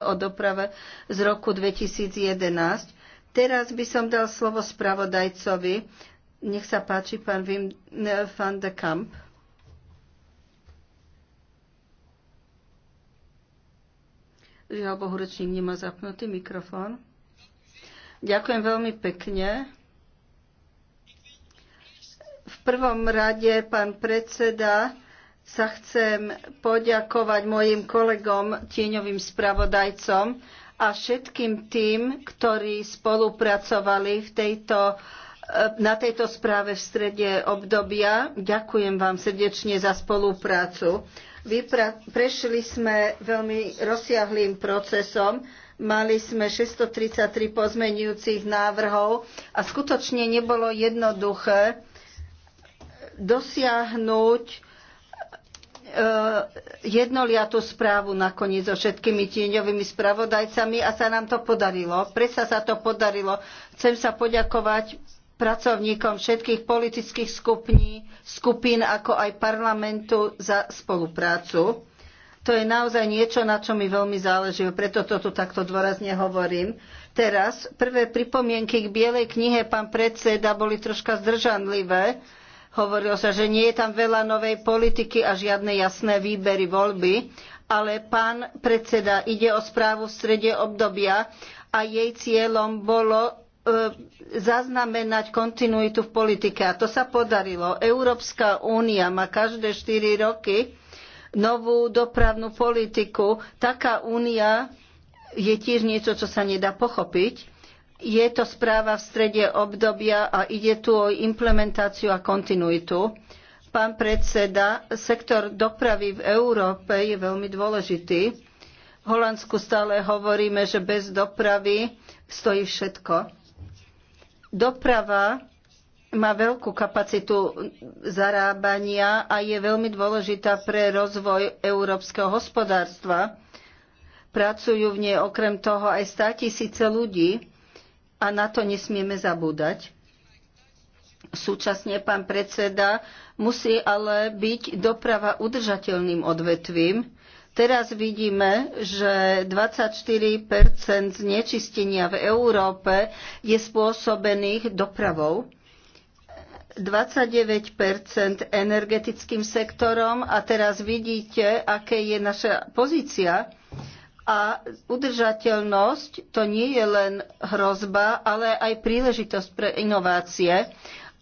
o doprave z roku 2011. Teraz by som dal slovo spravodajcovi. Nech sa páči, pán Wim van de Kamp. Žiaľ Bohu, rečník nemá zapnutý mikrofón. Ďakujem veľmi pekne. V prvom rade, pán predseda, sa chcem poďakovať mojim kolegom, tieňovým spravodajcom a všetkým tým, ktorí spolupracovali v tejto, e, na tejto správe v strede obdobia. Ďakujem vám srdečne za spoluprácu. Vypra- prešli sme veľmi rozsiahlým procesom. Mali sme 633 pozmenujúcich návrhov a skutočne nebolo jednoduché dosiahnuť E, jednoliatú správu nakoniec so všetkými tieňovými spravodajcami a sa nám to podarilo. Presa sa to podarilo. Chcem sa poďakovať pracovníkom všetkých politických skupní, skupín, ako aj parlamentu za spoluprácu. To je naozaj niečo, na čo mi veľmi záleží, preto to tu takto dôrazne hovorím. Teraz prvé pripomienky k Bielej knihe, pán predseda, boli troška zdržanlivé, Hovorilo sa, že nie je tam veľa novej politiky a žiadne jasné výbery voľby, ale pán predseda, ide o správu v strede obdobia a jej cieľom bolo e, zaznamenať kontinuitu v politike. A to sa podarilo. Európska únia má každé štyri roky novú dopravnú politiku. Taká únia je tiež niečo, čo sa nedá pochopiť je to správa v strede obdobia a ide tu o implementáciu a kontinuitu. Pán predseda, sektor dopravy v Európe je veľmi dôležitý. V Holandsku stále hovoríme, že bez dopravy stojí všetko. Doprava má veľkú kapacitu zarábania a je veľmi dôležitá pre rozvoj európskeho hospodárstva. Pracujú v nej okrem toho aj státisíce ľudí a na to nesmieme zabúdať. Súčasne pán predseda musí ale byť doprava udržateľným odvetvím. Teraz vidíme, že 24 znečistenia v Európe je spôsobených dopravou. 29 energetickým sektorom a teraz vidíte, aké je naša pozícia a udržateľnosť to nie je len hrozba, ale aj príležitosť pre inovácie.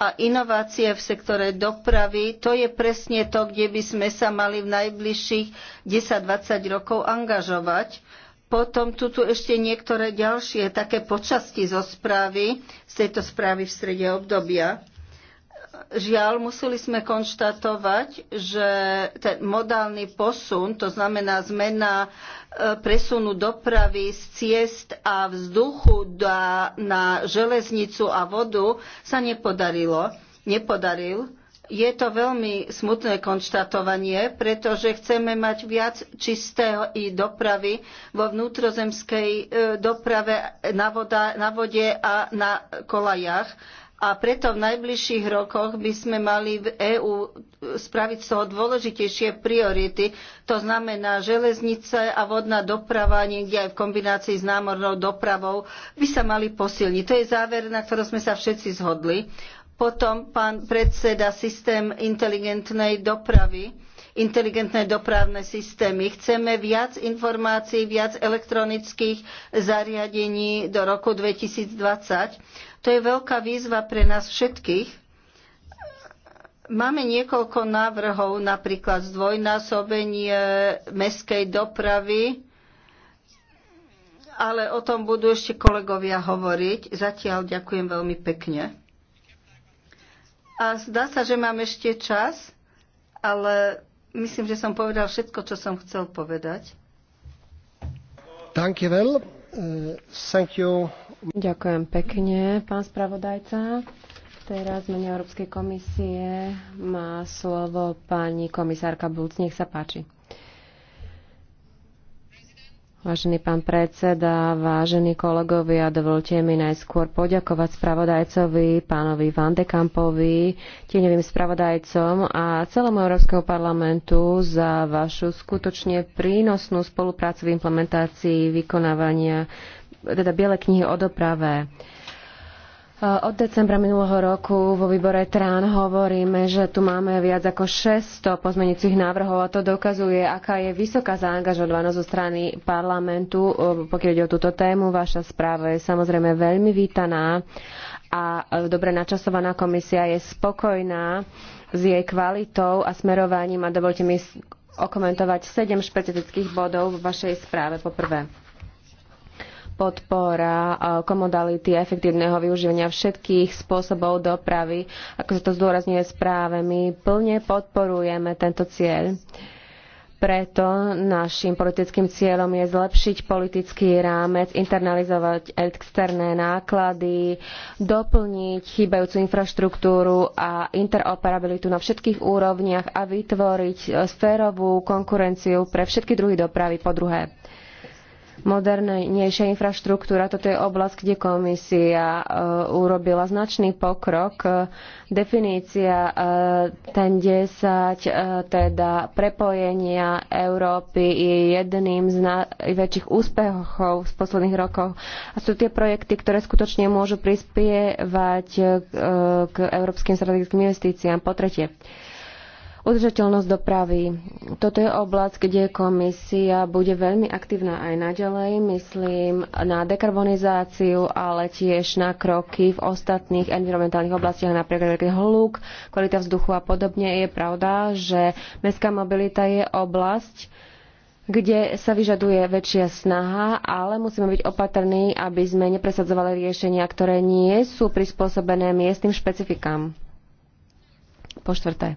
A inovácie v sektore dopravy, to je presne to, kde by sme sa mali v najbližších 10-20 rokov angažovať. Potom tu, tu ešte niektoré ďalšie také počasti zo správy, z tejto správy v strede obdobia žiaľ, museli sme konštatovať, že ten modálny posun, to znamená zmena presunu dopravy z ciest a vzduchu na železnicu a vodu sa nepodarilo. Nepodaril. Je to veľmi smutné konštatovanie, pretože chceme mať viac čistého i dopravy vo vnútrozemskej e, doprave na, voda, na vode a na kolajach a preto v najbližších rokoch by sme mali v EÚ spraviť z toho dôležitejšie priority. To znamená, železnice a vodná doprava niekde aj v kombinácii s námornou dopravou by sa mali posilniť. To je záver, na ktorom sme sa všetci zhodli. Potom pán predseda systém inteligentnej dopravy inteligentné dopravné systémy. Chceme viac informácií, viac elektronických zariadení do roku 2020. To je veľká výzva pre nás všetkých. Máme niekoľko návrhov, napríklad zdvojnásobenie mestskej dopravy, ale o tom budú ešte kolegovia hovoriť. Zatiaľ ďakujem veľmi pekne. A zdá sa, že mám ešte čas, ale Myslím, že som povedal všetko, čo som chcel povedať. Eh, Ďakujem pekne, pán spravodajca. Teraz mene Európskej komisie má slovo pani komisárka Bulc. Nech sa páči. Vážený pán predseda, vážení kolegovia, dovolte mi najskôr poďakovať spravodajcovi, pánovi Van de Kampovi, tieňovým spravodajcom a celému Európskeho parlamentu za vašu skutočne prínosnú spoluprácu v implementácii vykonávania teda Biele knihy o doprave. Od decembra minulého roku vo výbore Trán hovoríme, že tu máme viac ako 600 pozmenujúcich návrhov a to dokazuje, aká je vysoká zaangažovanosť zo strany parlamentu, eh, pokiaľ ide o túto tému. Vaša správa je samozrejme veľmi vítaná a eh, dobre načasovaná komisia je spokojná s jej kvalitou a smerovaním a dovolte mi okomentovať 7 špecifických bodov v vašej správe. Poprvé, podpora eh, komodality a efektívneho využívania všetkých spôsobov dopravy. Ako sa to zdôrazňuje správe, my plne podporujeme tento cieľ. Preto našim politickým cieľom je zlepšiť politický rámec, internalizovať externé náklady, doplniť chýbajúcu infraštruktúru a interoperabilitu na všetkých úrovniach a vytvoriť sférovú eh, konkurenciu pre všetky druhy dopravy. Po druhé, modernejšia infraštruktúra. Toto je oblasť, kde komisia e, urobila značný pokrok. E, definícia e, ten 10, teda prepojenia Európy je jedným z najväčších úspechov z posledných rokov. A sú tie projekty, ktoré skutočne môžu prispievať k európskym strategickým investíciám. Po tretie, Udržateľnosť dopravy. Toto je oblasť, kde komisia bude veľmi aktívna aj naďalej, myslím, na dekarbonizáciu, ale tiež na kroky v ostatných environmentálnych oblastiach, napríklad hluk, kvalita vzduchu a podobne. Je pravda, že mestská mobilita je oblasť, kde sa vyžaduje väčšia snaha, ale musíme byť opatrní, aby sme nepresadzovali riešenia, ktoré nie sú prispôsobené miestnym špecifikám. Po štvrté,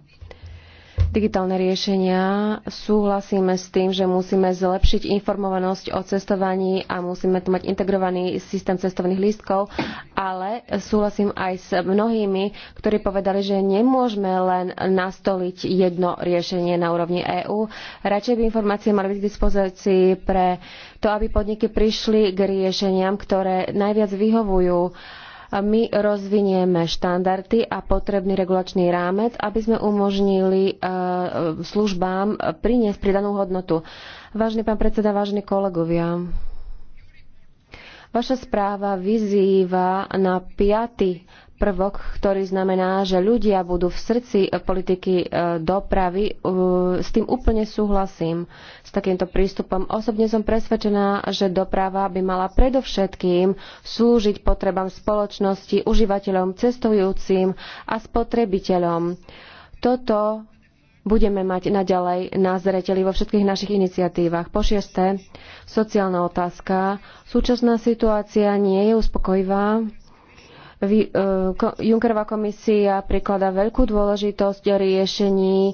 digitálne riešenia. Súhlasíme s tým, že musíme zlepšiť informovanosť o cestovaní a musíme tu mať integrovaný systém cestovných lístkov, ale súhlasím aj s mnohými, ktorí povedali, že nemôžeme len nastoliť jedno riešenie na úrovni EÚ. Radšej by informácie mali byť k dispozícii pre to, aby podniky prišli k riešeniam, ktoré najviac vyhovujú my rozvinieme štandardy a potrebný regulačný rámec, aby sme umožnili e, službám priniesť pridanú hodnotu. Vážený pán predseda, vážení kolegovia, vaša správa vyzýva na piaty prvok, ktorý znamená, že ľudia budú v srdci eh, politiky eh, dopravy. Eh, s tým úplne súhlasím s takýmto prístupom. Osobne som presvedčená, že doprava by mala predovšetkým slúžiť potrebám spoločnosti, užívateľom, cestujúcim a spotrebiteľom. Toto budeme mať naďalej na zreteli vo všetkých našich iniciatívach. Po šieste, sociálna otázka. Súčasná situácia nie je uspokojivá E, Junckerová komisia prikladá veľkú dôležitosť riešení, e,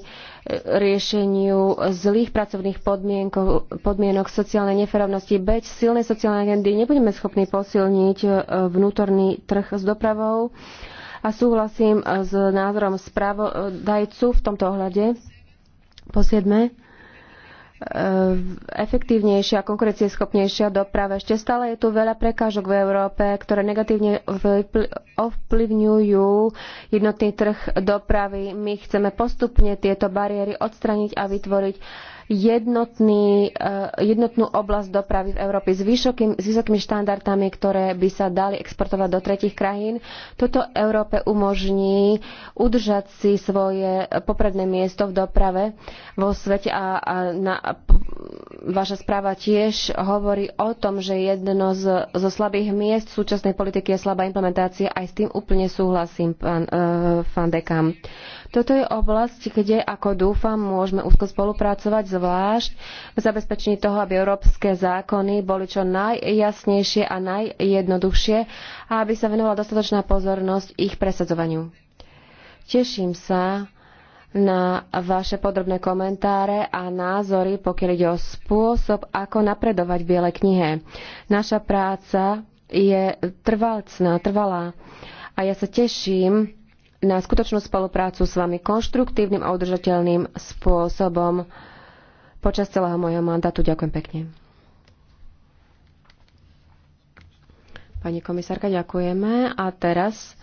riešeniu zlých pracovných podmienok sociálnej neferovnosti. Beď silnej sociálnej agendy nebudeme schopní posilniť e, vnútorný trh s dopravou a súhlasím s názorom spravodajcu v tomto ohľade. Po siedme, efektívnejšia a konkurencieschopnejšia doprava. Ešte stále je tu veľa prekážok v Európe, ktoré negatívne ovplyvňujú jednotný trh dopravy. My chceme postupne tieto bariéry odstraniť a vytvoriť jednotný, e, jednotnú oblasť dopravy v Európe s, vysokým, s vysokými štandardami, ktoré by sa dali exportovať do tretich krajín. Toto Európe umožní udržať si svoje popredné miesto v doprave vo svete a, a na, a vaša správa tiež hovorí o tom, že jedno z, zo slabých miest súčasnej politiky je slabá implementácia. Aj s tým úplne súhlasím, pán uh, e, Van de Kamp. Toto je oblasť, kde, ako dúfam, môžeme úzko spolupracovať, zvlášť v zabezpečení toho, aby európske zákony boli čo najjasnejšie a najjednoduchšie a aby sa venovala dostatočná pozornosť ich presadzovaniu. Teším sa na vaše podrobné komentáre a názory, pokiaľ ide o spôsob, ako napredovať v Bielej knihe. Naša práca je trvalcná, trvalá a ja sa teším, na skutočnú spoluprácu s vami konštruktívnym a udržateľným spôsobom počas celého mojho mandátu. Ďakujem pekne. Pani komisárka, ďakujeme. A teraz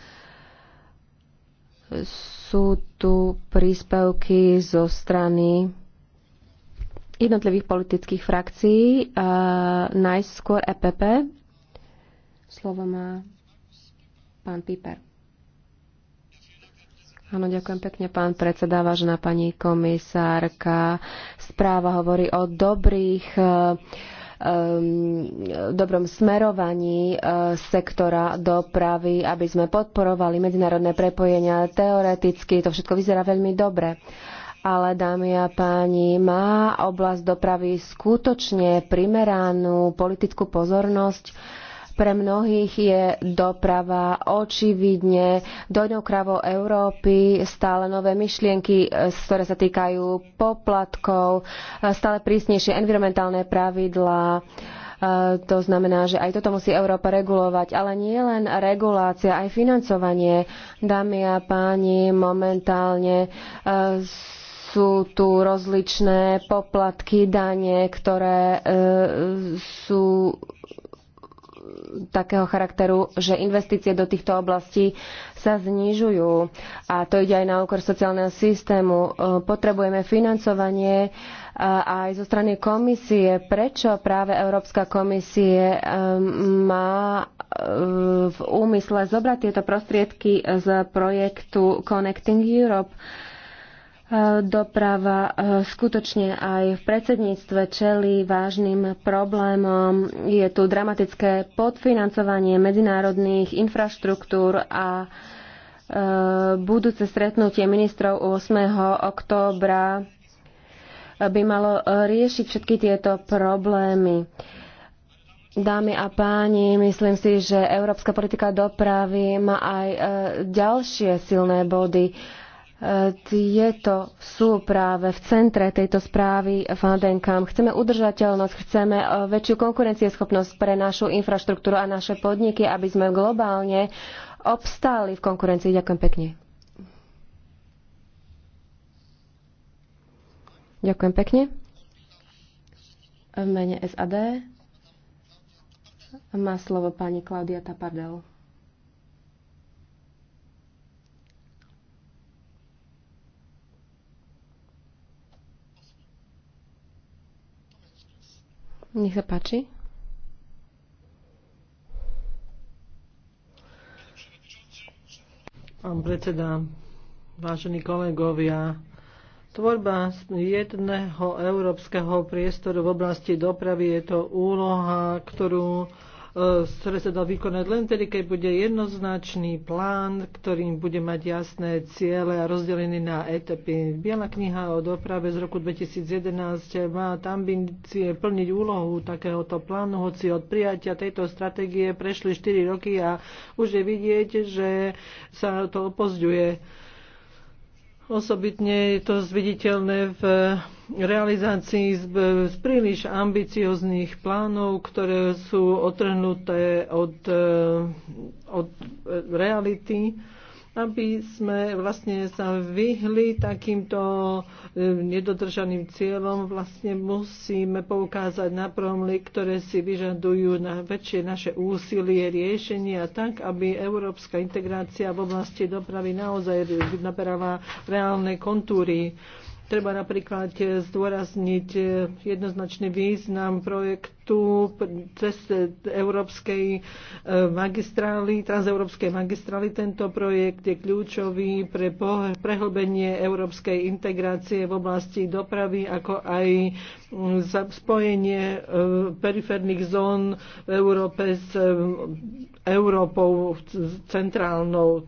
sú tu príspevky zo strany jednotlivých politických frakcií. Uh, najskôr EPP. Slovo má pán Piper. Áno, ďakujem pekne, pán predseda, vážená pani komisárka. Správa hovorí o dobrých eh, dobrom smerovaní eh, sektora dopravy, aby sme podporovali medzinárodné prepojenia. Teoreticky to všetko vyzerá veľmi dobre. Ale, dámy a páni, má oblasť dopravy skutočne primeranú politickú pozornosť? Pre mnohých je doprava očividne doňokravo Európy, stále nové myšlienky, e, ktoré sa týkajú poplatkov, e, stále prísnejšie environmentálne pravidlá. E, to znamená, že aj toto musí Európa regulovať, ale nie len regulácia, aj financovanie. Dámy a páni, momentálne sú tu rozličné poplatky, dane, ktoré sú takého charakteru, že investície do týchto oblastí sa znižujú a to ide aj na úkor sociálneho systému. E, potrebujeme financovanie e, aj zo strany komisie. Prečo práve Európska komisie e, má v úmysle zobrať tieto prostriedky z projektu Connecting Europe? Doprava e, skutočne aj v predsedníctve čeli vážnym problémom. Je tu dramatické podfinancovanie medzinárodných infraštruktúr a e, budúce stretnutie ministrov 8. októbra by malo riešiť všetky tieto problémy. Dámy a páni, myslím si, že európska politika dopravy má aj e, ďalšie silné body tieto sú práve v centre tejto správy Fandenkam. Chceme udržateľnosť, chceme e, väčšiu konkurencieschopnosť pre našu infraštruktúru a naše podniky, aby sme globálne obstáli v konkurencii. Ďakujem pekne. Ďakujem pekne. V mene SAD má slovo pani Klaudia Tapardel. Nech sa páči. Pán predseda, vážení kolegovia, Tvorba jedného európskeho priestoru v oblasti dopravy je to úloha, ktorú E, ktoré sa dá vykonať len tedy, keď bude jednoznačný plán, ktorým bude mať jasné ciele a rozdelený na etapy. Biela kniha o doprave z roku 2011 má ambície plniť úlohu takéhoto plánu, hoci od prijatia tejto stratégie prešli 4 roky a už je vidieť, že sa to opozďuje. Osobitne je to zviditeľné v realizácii z, e, z príliš ambicioznych plánov, ktoré sú otrhnuté od, e, od e, reality aby sme vlastne sa vyhli takýmto nedodržaným cieľom, vlastne musíme poukázať na promly, ktoré si vyžadujú na väčšie naše úsilie riešenia, tak aby európska integrácia v oblasti dopravy naozaj naberala reálne kontúry. Treba napríklad eh, zdôrazniť eh, jednoznačný význam projektu cez eh, európskej magistrály, transeurópskej magistrály. Tento projekt je kľúčový pre prehlbenie európskej integrácie v oblasti dopravy, ako aj mm, spojenie periférnych zón v Európe s Európou centrálnou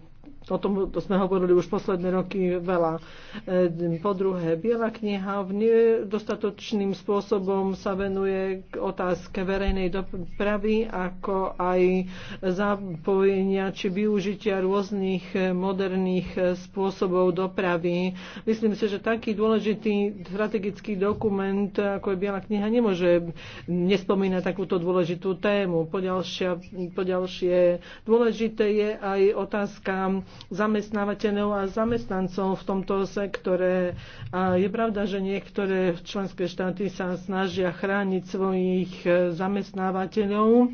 O tom to sme hovorili už posledné roky veľa. E, po druhé, Biela kniha v nedostatočným spôsobom sa venuje k otázke verejnej dopravy, ako aj zapojenia či využitia rôznych moderných spôsobov dopravy. Myslím si, že taký dôležitý strategický dokument, ako je Biela kniha, nemôže nespomínať takúto dôležitú tému. Poďalšie, poďalšie dôležité je aj otázka zamestnávateľov a zamestnancov v tomto sektore. A je pravda, že niektoré členské štáty sa snažia chrániť svojich e, zamestnávateľov, e,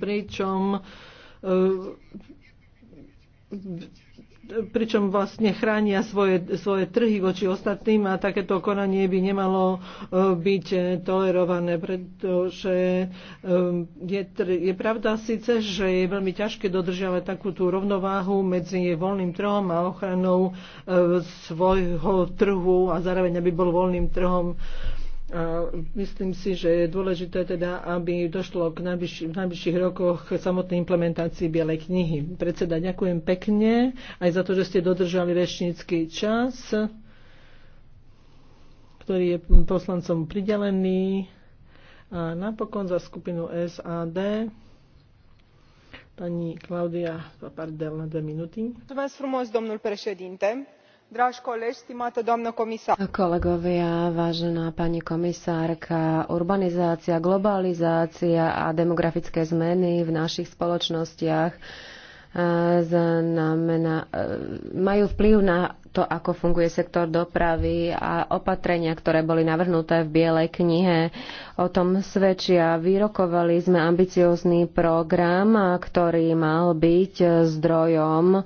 pričom e, pričom vlastne chránia svoje, svoje trhy voči ostatným a takéto konanie by nemalo e, byť e, tolerované, pretože e, je, je pravda síce, že je veľmi ťažké dodržiavať takú tú rovnováhu medzi voľným trhom a ochranou svojho trhu a zároveň aby bol voľným trhom a myslím si, že je dôležité teda, aby došlo k najbližší, v najbližších rokoch samotnej implementácii Bielej knihy. Predseda, ďakujem pekne aj za to, že ste dodržali rečnícky čas, ktorý je poslancom pridelený. A napokon za skupinu SAD pani Klaudia Papardel na dve minúty. Vás frumos, domnul președinte Kolegovia, vážená pani komisárka, urbanizácia, globalizácia a demografické zmeny v našich spoločnostiach e, znamená, e, majú vplyv na to, ako funguje sektor dopravy a opatrenia, ktoré boli navrhnuté v Bielej knihe. O tom svedčia. Vyrokovali sme ambiciózny program, ktorý mal byť zdrojom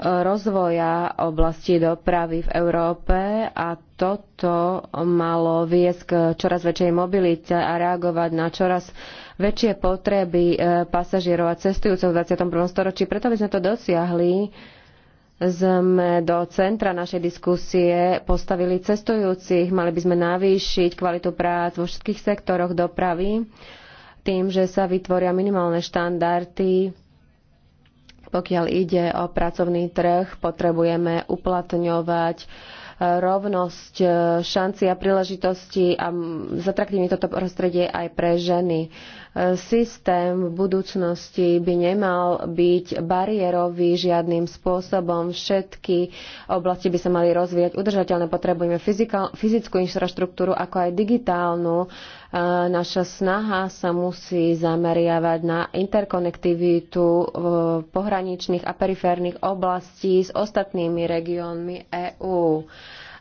rozvoja oblasti dopravy v Európe a toto malo viesť k čoraz väčšej mobilite a reagovať na čoraz väčšie potreby e, pasažierov a cestujúcich v 21. storočí. Preto by sme to dosiahli, sme do centra našej diskusie postavili cestujúcich. Mali by sme navýšiť kvalitu prác vo všetkých sektoroch dopravy tým, že sa vytvoria minimálne štandardy pokiaľ ide o pracovný trh, potrebujeme uplatňovať e, rovnosť e, šanci a príležitosti a zatraktívne toto prostredie aj pre ženy systém v budúcnosti by nemal byť bariérový žiadnym spôsobom. Všetky oblasti by sa mali rozvíjať udržateľne. Potrebujeme fyzickú infraštruktúru ako aj digitálnu. E, naša snaha sa musí zameriavať na interkonektivitu e, pohraničných a periférnych oblastí s ostatnými regiónmi EÚ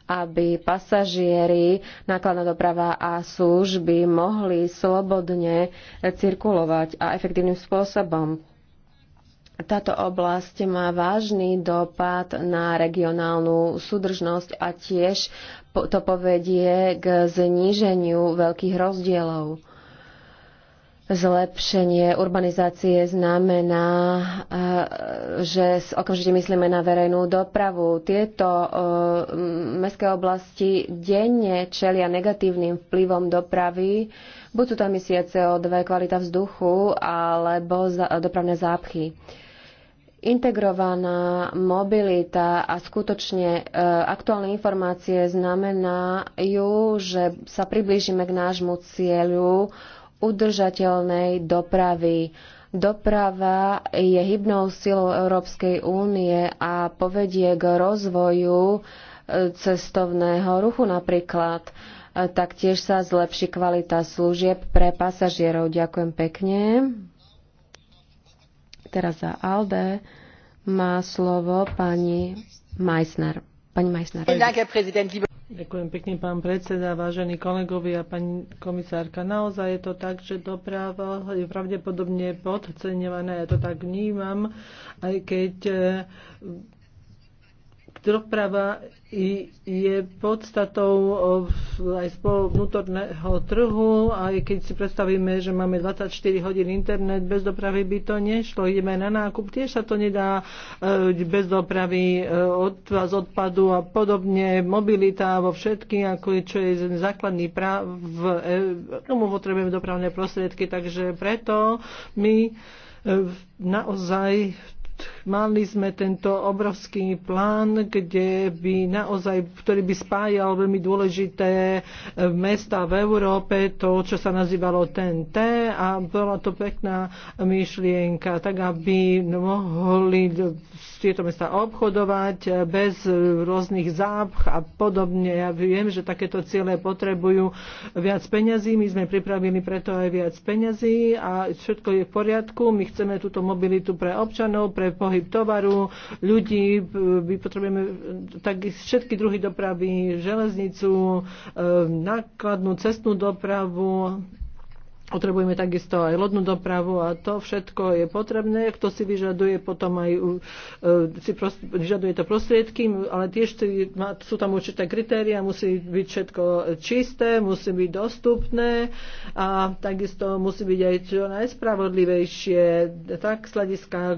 aby pasažieri, nákladná doprava a služby mohli slobodne cirkulovať a efektívnym spôsobom. Táto oblasť má vážny dopad na regionálnu súdržnosť a tiež to povedie k zníženiu veľkých rozdielov. Zlepšenie urbanizácie znamená, eh, že okamžite myslíme na verejnú dopravu. Tieto eh, mestské oblasti denne čelia negatívnym vplyvom dopravy. Buď sú tam emisie CO2, kvalita vzduchu alebo dopravné zápchy integrovaná mobilita a skutočne e, aktuálne informácie znamenajú, že sa priblížime k nášmu cieľu udržateľnej dopravy. Doprava je hybnou silou Európskej únie a povedie k rozvoju e, cestovného ruchu napríklad. E, taktiež sa zlepší kvalita služieb pre pasažierov. Ďakujem pekne. Teraz za Alde má slovo pani Meissner. Pani Meissner. Ďakujem pekne, pán predseda, vážení kolegovia, pani komisárka. Naozaj je to tak, že doprava je pravdepodobne podceňovaná, ja to tak vnímam, aj keď Doprava je podstatou aj vnútorného trhu, aj keď si predstavíme, že máme 24 hodín internet, bez dopravy by to nešlo. Ideme na nákup, tiež sa to nedá e, bez dopravy, e, z odpadu a podobne, mobilita vo všetky, ako je, čo je základný práv, e- tomu potrebujeme dopravné prostriedky, takže preto my naozaj mali sme tento obrovský plán, kde by naozaj, ktorý by spájal veľmi dôležité eh, mesta v Európe, to, čo sa nazývalo TNT a bola to pekná myšlienka, tak aby mohli tieto mesta obchodovať eh, bez eh, rôznych zápch a podobne. Ja viem, že takéto ciele potrebujú viac peňazí. My sme pripravili preto aj viac peňazí a všetko je v poriadku. My chceme túto mobilitu pre občanov, pre pohyb tovaru, ľudí. Eh, my potrebujeme tak všetky druhy dopravy, železnicu, nákladnú cestnú dopravu Potrebujeme takisto aj lodnú dopravu a to všetko je potrebné. Kto si vyžaduje potom aj e, si pros, vyžaduje to prostriedky, ale tiež sú tam určité kritéria, musí byť všetko čisté, musí byť dostupné a takisto musí byť aj čo najspravodlivejšie tak z hľadiska e,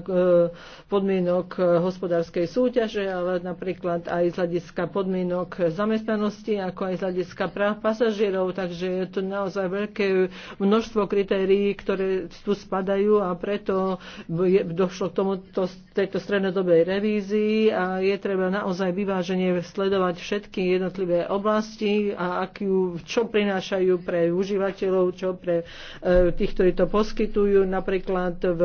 podmienok hospodárskej súťaže, ale napríklad aj z hľadiska podmienok zamestnanosti, ako aj z hľadiska práv pasažierov, takže je to naozaj veľké množstvo množstvo kritérií, ktoré tu spadajú a preto je, došlo k tomuto, tejto strednodobej revízii a je treba naozaj vyváženie sledovať všetky jednotlivé oblasti a akú, čo prinášajú pre užívateľov, čo pre e, tých, ktorí to poskytujú, napríklad v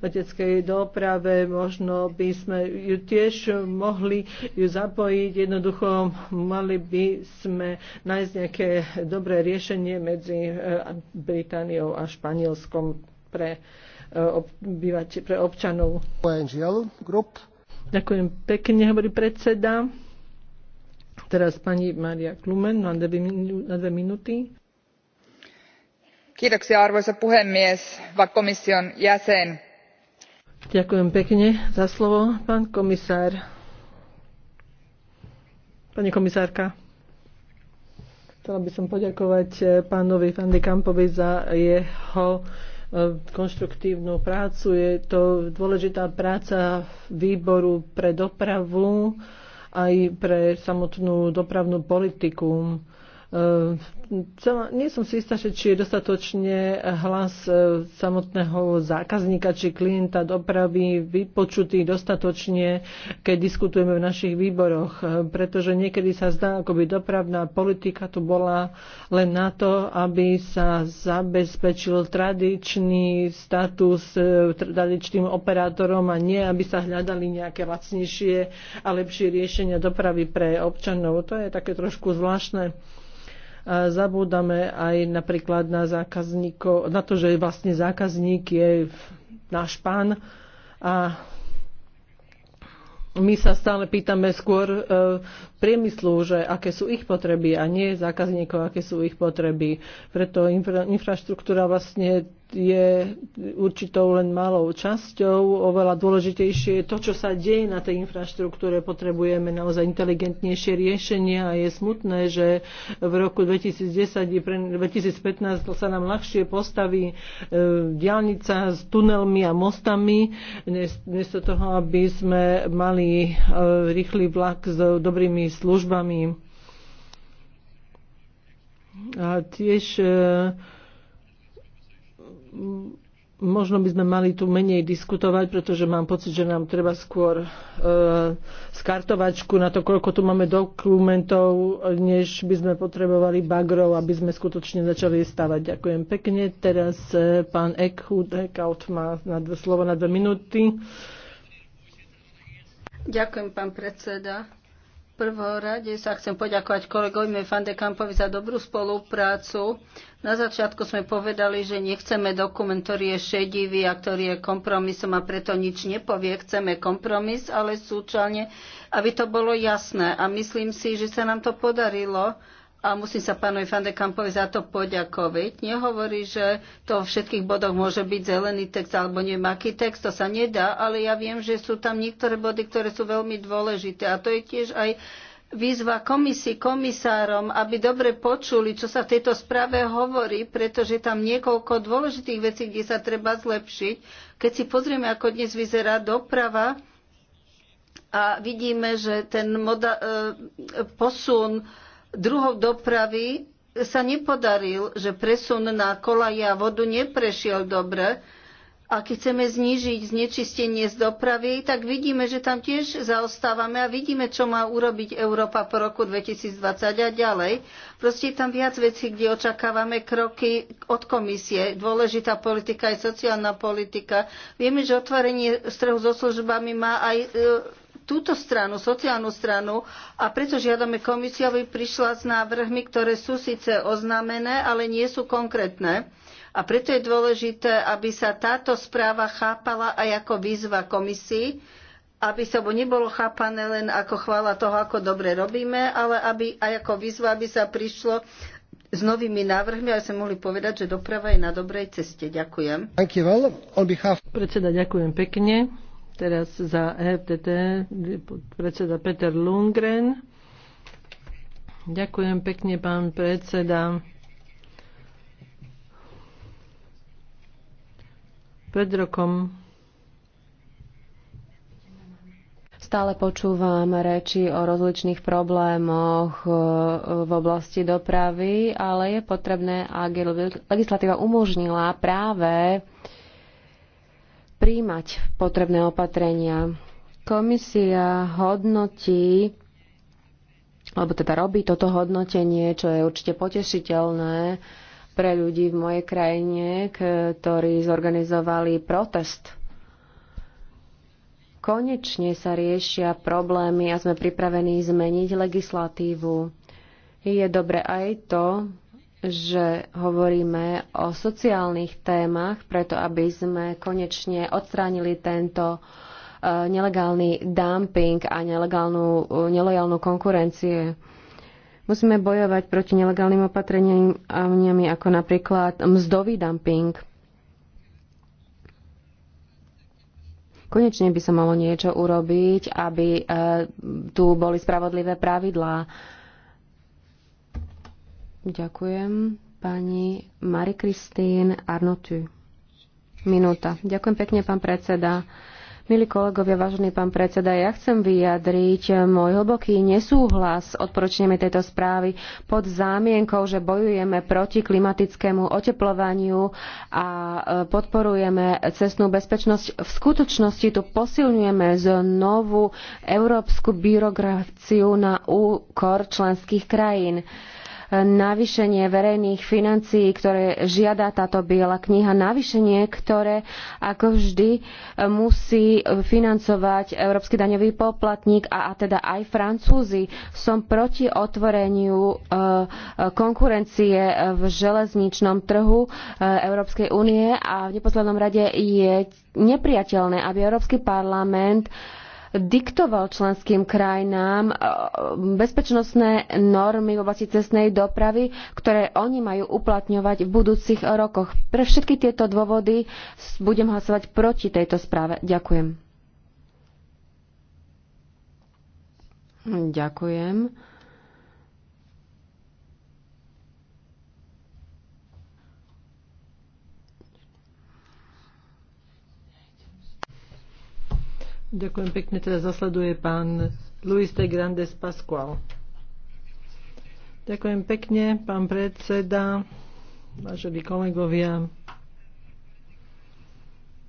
leteckej doprave, možno by sme ju tiež mohli ju zapojiť, jednoducho mali by sme nájsť nejaké dobré riešenie medzi e, Britániou Britániou a Španielskom pre, e, obyvate, pre občanov. Ďakujem pekne, hovorí predseda. Teraz pani Maria Klumen na dve, minú, na dve minúty. Kiitoksia arvoisa puhemies, va komission jäsen. Ďakujem pekne za slovo, pán komisár. Pani komisárka Chcela by som poďakovať eh, pánovi Fandy Kampovi za jeho eh, konštruktívnu prácu. Je to dôležitá práca výboru pre dopravu aj pre samotnú dopravnú politiku. Ehm, Celá, nie som si istá, či je dostatočne hlas e, samotného zákazníka či klienta dopravy vypočutý dostatočne, keď diskutujeme v našich výboroch, e, pretože niekedy sa zdá, ako by dopravná politika tu bola len na to, aby sa zabezpečil tradičný status e, tradičným operátorom a nie, aby sa hľadali nejaké lacnejšie a lepšie riešenia dopravy pre občanov. To je také trošku zvláštne zabúdame aj napríklad na zákazníkov, na to, že vlastne zákazník je náš pán a my sa stále pýtame skôr e, priemyslu, že aké sú ich potreby a nie zákazníkov, aké sú ich potreby. Preto infra, infraštruktúra vlastne je určitou len malou časťou. Oveľa dôležitejšie je to, čo sa deje na tej infraštruktúre. Potrebujeme naozaj inteligentnejšie riešenia a je smutné, že v roku 2010 2015 sa nám ľahšie postaví e, diálnica s tunelmi a mostami, miesto toho, aby sme mali e, rýchly vlak s dobrými službami. A tiež e, možno by sme mali tu menej diskutovať, pretože mám pocit, že nám treba skôr e, skartovačku na to, koľko tu máme dokumentov, než by sme potrebovali bagrov, aby sme skutočne začali stavať. Ďakujem pekne. Teraz e, pán Ekhud Ekaut má na dve, slovo na dve minúty. Ďakujem, pán predseda prvom rade sa chcem poďakovať kolegovi Van de Kampovi za dobrú spoluprácu. Na začiatku sme povedali, že nechceme dokument, ktorý je šedivý a ktorý je kompromisom a preto nič nepovie. Chceme kompromis, ale súčalne, aby to bolo jasné. A myslím si, že sa nám to podarilo a musím sa pánovi Fandekampovi za to poďakoviť. Nehovorí, že to v všetkých bodoch môže byť zelený text alebo neviem aký text, to sa nedá, ale ja viem, že sú tam niektoré body, ktoré sú veľmi dôležité a to je tiež aj výzva komisii, komisárom, aby dobre počuli, čo sa v tejto správe hovorí, pretože tam niekoľko dôležitých vecí, kde sa treba zlepšiť. Keď si pozrieme, ako dnes vyzerá doprava a vidíme, že ten moda, e, posun druhov dopravy sa nepodaril, že presun na kolaje a vodu neprešiel dobre. A keď chceme znížiť znečistenie z dopravy, tak vidíme, že tam tiež zaostávame a vidíme, čo má urobiť Európa po roku 2020 a ďalej. Proste je tam viac vecí, kde očakávame kroky od komisie. Dôležitá politika je sociálna politika. Vieme, že otvorenie strehu so službami má aj e, túto stranu, sociálnu stranu a preto žiadame komisiu, aby prišla s návrhmi, ktoré sú síce oznámené, ale nie sú konkrétne. A preto je dôležité, aby sa táto správa chápala aj ako výzva komisii, aby sa bo nebolo chápané len ako chvála toho, ako dobre robíme, ale aby aj ako výzva, aby sa prišlo s novými návrhmi, aby sme mohli povedať, že doprava je na dobrej ceste. Ďakujem. Predseda, ďakujem pekne. Teraz za EFTT predseda Peter Lundgren. Ďakujem pekne, pán predseda. Pred rokom Stále počúvam reči o rozličných problémoch e, v oblasti dopravy, ale je potrebné, aby legislatíva umožnila práve príjmať potrebné opatrenia. Komisia hodnotí, alebo teda robí toto hodnotenie, čo je určite potešiteľné pre ľudí v mojej krajine, ktorí zorganizovali protest. Konečne sa riešia problémy a sme pripravení zmeniť legislatívu. Je dobre aj to, že hovoríme o sociálnych témach, preto aby sme konečne odstránili tento e, nelegálny dumping a nelegálnu, e, nelojálnu konkurencie. Musíme bojovať proti nelegálnym opatreniami ako napríklad mzdový dumping. Konečne by sa malo niečo urobiť, aby e, tu boli spravodlivé pravidlá Ďakujem. Pani Marie-Christine Arnotu. Minúta. Ďakujem pekne, pán predseda. Milí kolegovia, vážený pán predseda, ja chcem vyjadriť môj hlboký nesúhlas s odporučeniami tejto správy pod zámienkou, že bojujeme proti klimatickému oteplovaniu a e, podporujeme cestnú bezpečnosť. V skutočnosti tu posilňujeme znovu európsku byrokraciu na úkor členských krajín navýšenie verejných financií, ktoré žiada táto biela kniha, navýšenie, ktoré ako vždy musí financovať Európsky daňový poplatník a, a teda aj Francúzi. Som proti otvoreniu e, konkurencie v železničnom trhu e, Európskej únie a v neposlednom rade je nepriateľné, aby Európsky parlament diktoval členským krajinám e, bezpečnostné normy v oblasti cestnej dopravy, ktoré oni majú uplatňovať v budúcich rokoch. Pre všetky tieto dôvody budem hlasovať proti tejto správe. Ďakujem. Ďakujem. Ďakujem pekne. teraz zasleduje pán Luis de Grandes Pascual. Ďakujem pekne, pán predseda, vážení kolegovia.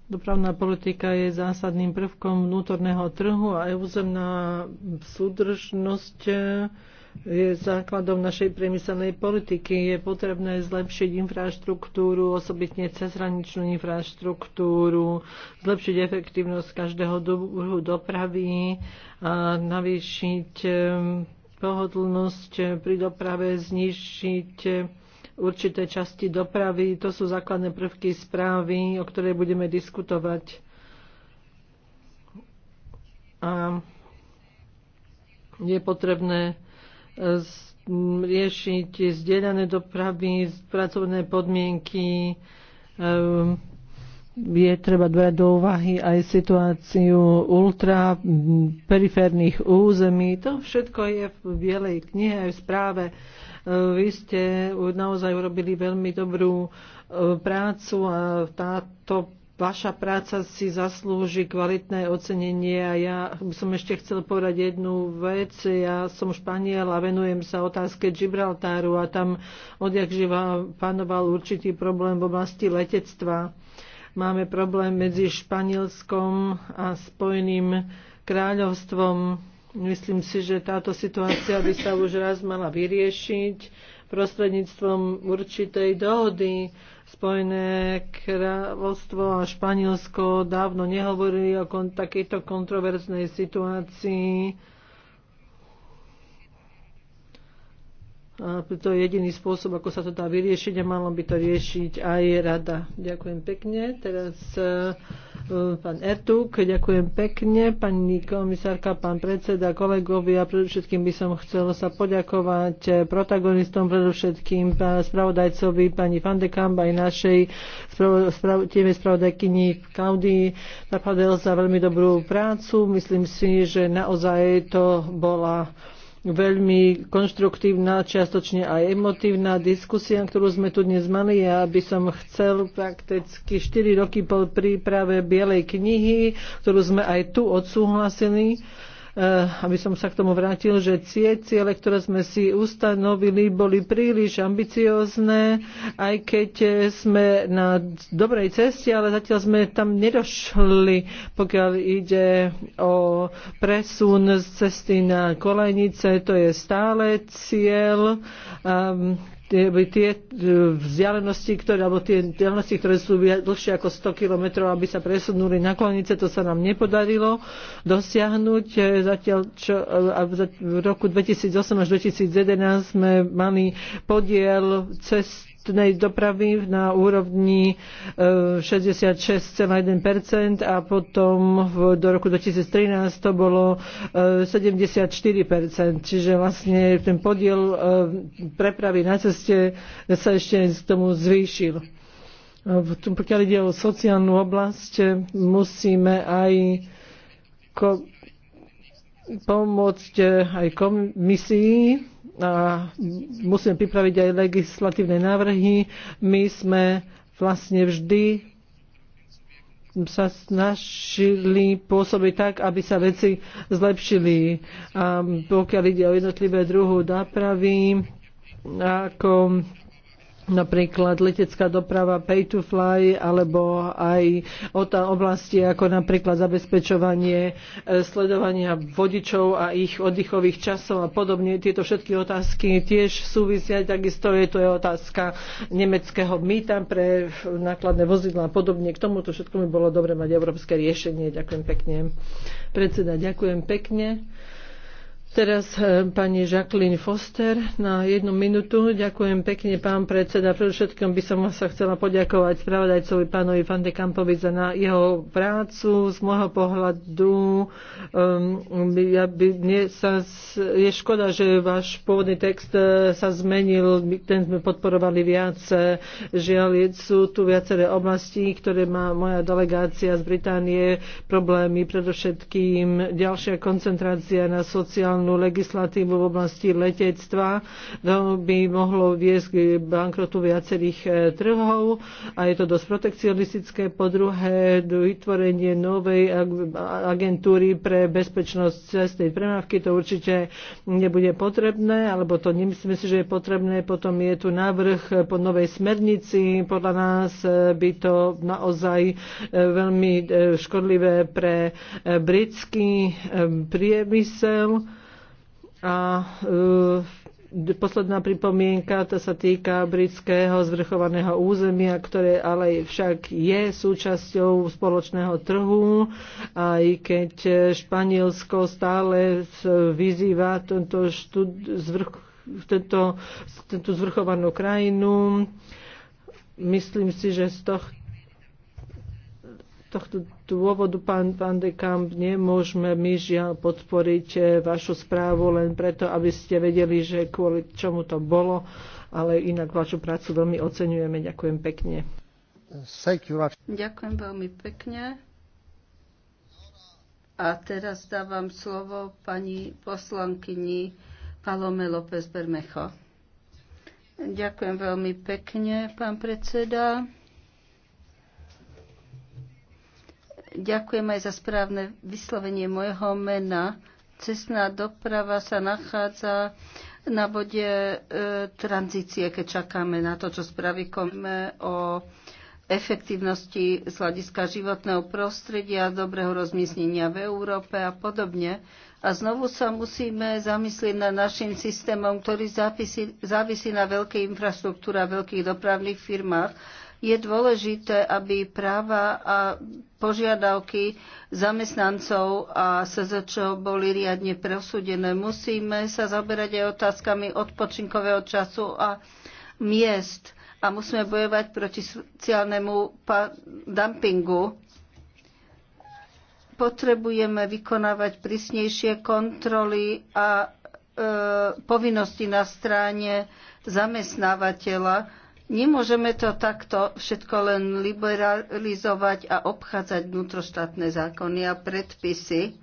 Dopravná politika je zásadným prvkom vnútorného trhu a územná súdržnosť je základom našej priemyselnej politiky. Je potrebné zlepšiť infraštruktúru, osobitne cezhraničnú infraštruktúru, zlepšiť efektívnosť každého druhu dopravy a navýšiť pohodlnosť pri doprave, znižiť určité časti dopravy. To sú základné prvky správy, o ktorej budeme diskutovať. A je potrebné riešiť zdieľané dopravy, pracovné podmienky, ehm, je treba brať do úvahy aj situáciu ultra periférnych území. To všetko je v Bielej knihe aj v správe. Ehm, vy ste naozaj urobili veľmi dobrú e, prácu a táto Vaša práca si zaslúži kvalitné ocenenie a ja by som ešte chcel povedať jednu vec. Ja som Španiel a venujem sa otázke Gibraltáru a tam odjak živa panoval určitý problém v oblasti letectva. Máme problém medzi Španielskom a Spojeným kráľovstvom. Myslím si, že táto situácia by sa už raz mala vyriešiť prostredníctvom určitej dohody. Spojené kráľovstvo a Španielsko dávno nehovorili o kon- takejto kontroverznej situácii to je jediný spôsob, ako sa to dá vyriešiť a malo by to riešiť aj rada. Ďakujem pekne. Teraz e, e, pán Ertuk, ďakujem pekne. Pani komisárka, pán predseda, kolegovia, predovšetkým by som chcela sa poďakovať protagonistom, predovšetkým spravodajcovi, pani Van de aj našej sprav, tieme spravodajkyni Klaudii napadel za veľmi dobrú prácu. Myslím si, že naozaj to bola veľmi konštruktívna, čiastočne aj emotívna diskusia, ktorú sme tu dnes mali. Ja by som chcel prakticky 4 roky po príprave Bielej knihy, ktorú sme aj tu odsúhlasili, Eh, aby som sa k tomu vrátil, že tie ciele, ktoré sme si ustanovili, boli príliš ambiciózne, aj keď eh, sme na dobrej ceste, ale zatiaľ sme tam nedošli, pokiaľ ide o presun z cesty na kolejnice, to je stále cieľ. Um, tie e, vzdialenosti, ktoré, alebo tie vzdialenosti, ktoré sú dlhšie ako 100 kilometrov, aby sa presunuli na klonice, to sa nám nepodarilo dosiahnuť. E, zatiaľ, čo, e, v roku 2008 až 2011 sme mali podiel cest cestnej dopravy na úrovni 66,1% e, a potom do roku 2013 to bolo 74%, e, čiže vlastne ten podiel e, prepravy na ceste sa ešte k tomu zvýšil. Pokiaľ ide o sociálnu oblasť, musíme aj pomôcť aj komisii a musíme pripraviť aj legislatívne návrhy. My sme vlastne vždy sa snažili pôsobiť tak, aby sa veci zlepšili. A pokiaľ ide o jednotlivé druhu dápravy, ako napríklad letecká doprava pay to fly, alebo aj o tá oblasti ako napríklad zabezpečovanie e, sledovania vodičov a ich oddychových časov a podobne. Tieto všetky otázky tiež súvisia, takisto je to je otázka nemeckého mýta pre nákladné vozidla a podobne. K tomuto by bolo dobre mať európske riešenie. Ďakujem pekne. Predseda, ďakujem pekne. Teraz e, pani Jacqueline Foster na jednu minútu. Ďakujem pekne, pán predseda. Predovšetkom by som sa chcela poďakovať spravodajcovi pánovi Van de Kampovi za na jeho prácu. Z môjho pohľadu um, ja by, nie, sa, je škoda, že váš pôvodný text e, sa zmenil. Ten sme podporovali viac. Žiaľ, sú tu viaceré oblasti, ktoré má moja delegácia z Británie problémy. Predovšetkým ďalšia koncentrácia na sociálne minimálnu legislatívu v oblasti letectva. To by mohlo viesť k bankrotu viacerých e, trhov a je to dosť protekcionistické. Po druhé, vytvorenie novej agentúry pre bezpečnosť cestnej premávky, to určite nebude potrebné, alebo to nemyslím si, že je potrebné. Potom je tu návrh po novej smernici. Podľa nás e, by to naozaj e, veľmi škodlivé pre britský priemysel a e, posledná pripomienka, to sa týka britského zvrchovaného územia, ktoré ale však je súčasťou spoločného trhu, aj keď Španielsko stále vyzýva tento, štud, zvrch, tento, tento zvrchovanú krajinu. Myslím si, že z tohto tohto dôvodu, pán pán de Kamp, nemôžeme my žiaľ podporiť eh, vašu správu len preto, aby ste vedeli, že kvôli čomu to bolo, ale inak vašu prácu veľmi oceňujeme. Ďakujem pekne. Ďakujem veľmi pekne. A teraz dávam slovo pani poslankyni Palome López Bermecho. Ďakujem veľmi pekne, pán predseda. Ďakujem aj za správne vyslovenie mojho mena. Cestná doprava sa nachádza na bode e, tranzície, keď čakáme na to, čo spraví koме e, o efektívnosti z hľadiska životného prostredia, dobrého rozmiestnenia v Európe a podobne. A znovu sa musíme zamyslieť nad našim systémom, ktorý závisí, závisí na veľkej infraštruktúre a veľkých dopravných firmách, je dôležité, aby práva a požiadavky zamestnancov a SZČ boli riadne presúdené. Musíme sa zaberať aj otázkami odpočinkového času a miest a musíme bojovať proti sociálnemu dumpingu. Potrebujeme vykonávať prísnejšie kontroly a e, povinnosti na strane zamestnávateľa Nemôžeme to takto všetko len liberalizovať a obchádzať vnútroštátne zákony a predpisy.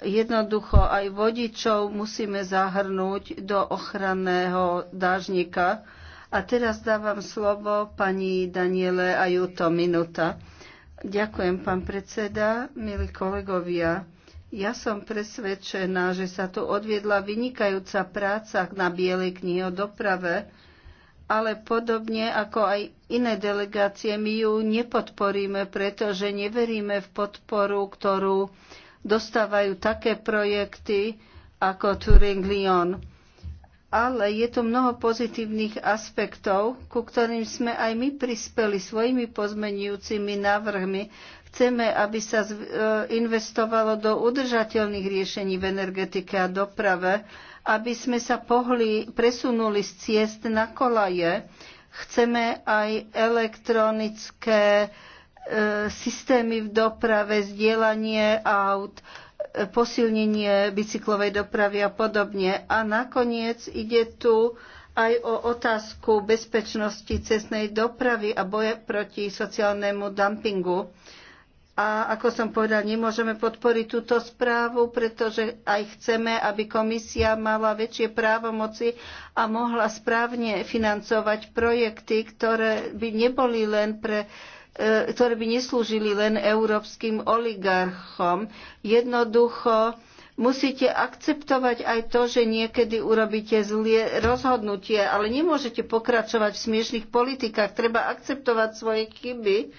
Jednoducho aj vodičov musíme zahrnúť do ochranného dážnika. A teraz dávam slovo pani Daniele Ajuto Minuta. Ďakujem, pán predseda, milí kolegovia. Ja som presvedčená, že sa tu odviedla vynikajúca práca na Bielej knihe o doprave, ale podobne ako aj iné delegácie, my ju nepodporíme, pretože neveríme v podporu, ktorú dostávajú také projekty ako Turing Lyon. Ale je tu mnoho pozitívnych aspektov, ku ktorým sme aj my prispeli svojimi pozmenujúcimi návrhmi, Chceme, aby sa e, investovalo do udržateľných riešení v energetike a doprave, aby sme sa pohli, presunuli z ciest na kolaje. Chceme aj elektronické e, systémy v doprave, zdieľanie aut, e, posilnenie bicyklovej dopravy a podobne. A nakoniec ide tu aj o otázku bezpečnosti cestnej dopravy a boje proti sociálnemu dumpingu. A ako som povedal, nemôžeme podporiť túto správu, pretože aj chceme, aby komisia mala väčšie právomoci a mohla správne financovať projekty, ktoré by neboli len pre e, ktoré by neslúžili len európskym oligarchom. Jednoducho musíte akceptovať aj to, že niekedy urobíte zlé rozhodnutie, ale nemôžete pokračovať v smiešných politikách. Treba akceptovať svoje chyby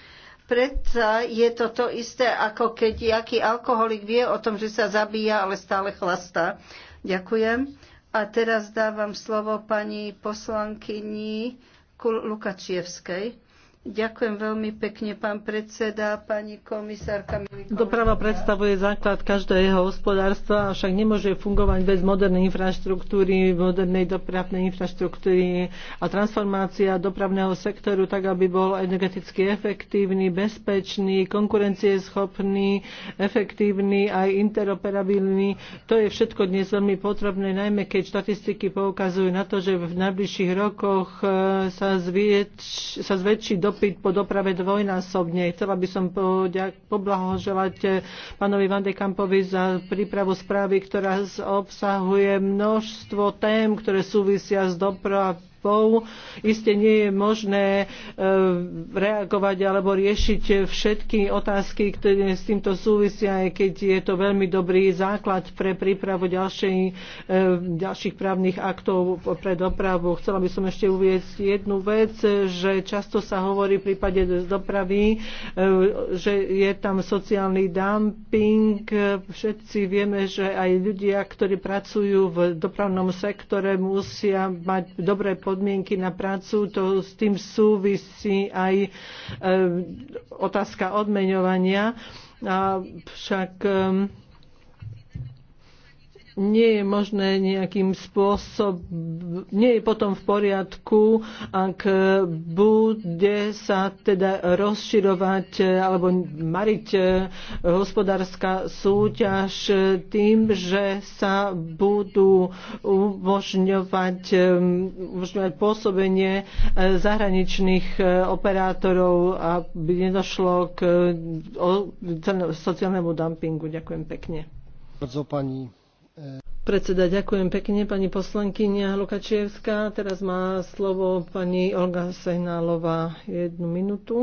Predsa je to to isté, ako keď jaký alkoholik vie o tom, že sa zabíja, ale stále chlastá. Ďakujem. A teraz dávam slovo pani poslankyni Lukačievskej. Ďakujem veľmi pekne, pán predseda, pani komisárka. Doprava predstavuje základ každého hospodárstva, avšak nemôže fungovať bez modernej infraštruktúry, modernej dopravnej infraštruktúry a transformácia dopravného sektoru tak, aby bol energeticky efektívny, bezpečný, konkurencieschopný, efektívny aj interoperabilný. To je všetko dnes veľmi potrebné, najmä keď štatistiky poukazujú na to, že v najbližších rokoch eh, sa, zvieč, sa zväčší doprava dopyt po doprave dvojnásobne. Chcela by som poblahoželať eh, pánovi Van de Kampovi za prípravu správy, ktorá obsahuje množstvo tém, ktoré súvisia s dopravou spolu. Isté nie je možné e, reagovať alebo riešiť všetky otázky, ktoré s týmto súvisia, aj keď je to veľmi dobrý základ pre prípravu ďalšej, e, ďalších právnych aktov pre dopravu. Chcela by som ešte uviezť jednu vec, že často sa hovorí v prípade z dopravy, e, že je tam sociálny dumping. Všetci vieme, že aj ľudia, ktorí pracujú v dopravnom sektore, musia mať dobré podmienky podmienky na prácu, to s tým súvisí aj e, otázka odmeňovania. A však e, nie je možné nejakým spôsobom. nie je potom v poriadku, ak bude sa teda rozširovať alebo mariť eh, hospodárska súťaž tým, že sa budú umožňovať, eh, umožňovať pôsobenie eh, zahraničných operátorov a by nedošlo k sociálnemu dumpingu. Ďakujem pekne. Bardzo pani Predseda, ďakujem pekne. Pani poslankyňa Lukačievská, teraz má slovo pani Olga Sehnálová. Jednu minútu.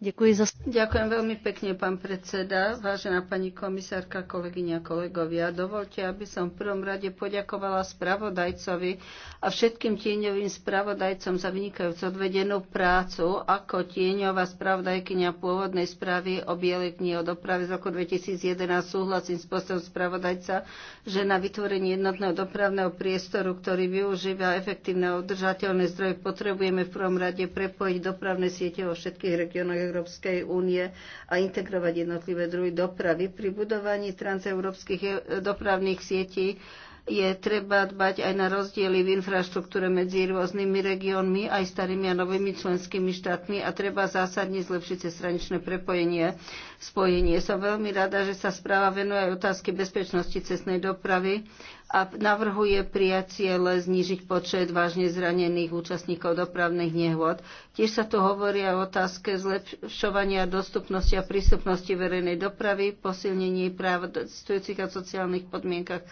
Ďakujem, za... Ďakujem veľmi pekne, pán predseda, vážená pani komisárka, kolegyňa, kolegovia. Dovolte, aby som v prvom rade poďakovala spravodajcovi a všetkým tieňovým spravodajcom za vynikajúcu odvedenú prácu ako tieňová spravodajkyňa pôvodnej správy o Bielej knihe o doprave z roku 2011. Súhlasím s postom spravodajca, že na vytvorenie jednotného dopravného priestoru, ktorý využíva efektívne a udržateľné zdroje, potrebujeme v prvom rade prepojiť dopravné siete vo všetkých regiónoch Európskej únie a integrovať jednotlivé druhy dopravy. Pri budovaní transeurópskych e, dopravných sietí je treba dbať aj na rozdiely v infraštruktúre medzi rôznymi regiónmi, aj starými a novými členskými štátmi a treba zásadne zlepšiť cezhraničné prepojenie, spojenie. Som veľmi rada, že sa správa venuje aj otázky bezpečnosti cestnej dopravy a navrhuje prijať cieľe znížiť počet vážne zranených účastníkov dopravných nehôd. Tiež sa tu hovorí o otázke zlepšovania dostupnosti a prístupnosti verejnej dopravy, posilnení práv cestujúcich a sociálnych podmienkach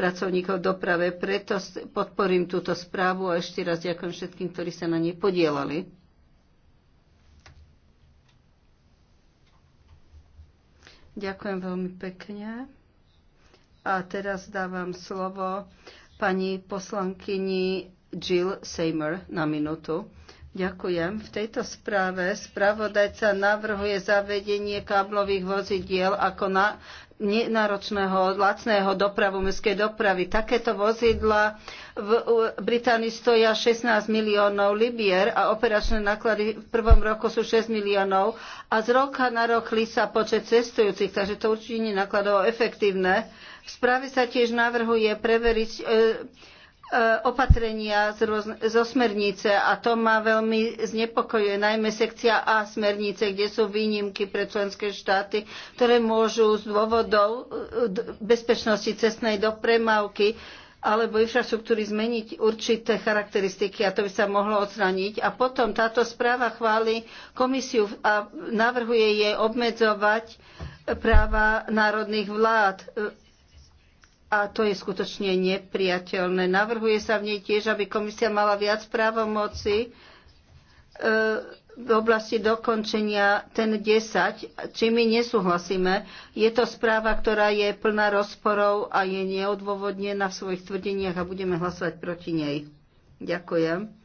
pracovníkov doprave. Preto podporím túto správu a ešte raz ďakujem všetkým, ktorí sa na nej podielali. Ďakujem veľmi pekne. A teraz dávam slovo pani poslankyni Jill Seymour na minútu. Ďakujem. V tejto správe spravodajca navrhuje zavedenie káblových vozidiel ako na nenáročného, lacného dopravu, mestskej dopravy. Takéto vozidla v Británii stoja 16 miliónov libier a operačné náklady v prvom roku sú 6 miliónov a z roka na rok klesá počet cestujúcich, takže to určite nákladovo efektívne. V správe sa tiež navrhuje preveriť e, E, opatrenia zo smernice a to ma veľmi znepokojuje, najmä sekcia A smernice, kde sú výnimky pre členské štáty, ktoré môžu z dôvodov e, bezpečnosti cestnej dopremávky alebo infraštruktúry zmeniť určité charakteristiky a to by sa mohlo odstrániť. A potom táto správa chváli komisiu a navrhuje jej obmedzovať práva národných vlád e, a to je skutočne nepriateľné. Navrhuje sa v nej tiež, aby komisia mala viac právomoci e, v oblasti dokončenia ten 10, či my nesúhlasíme. Je to správa, ktorá je plná rozporov a je neodôvodnená v svojich tvrdeniach a budeme hlasovať proti nej. Ďakujem.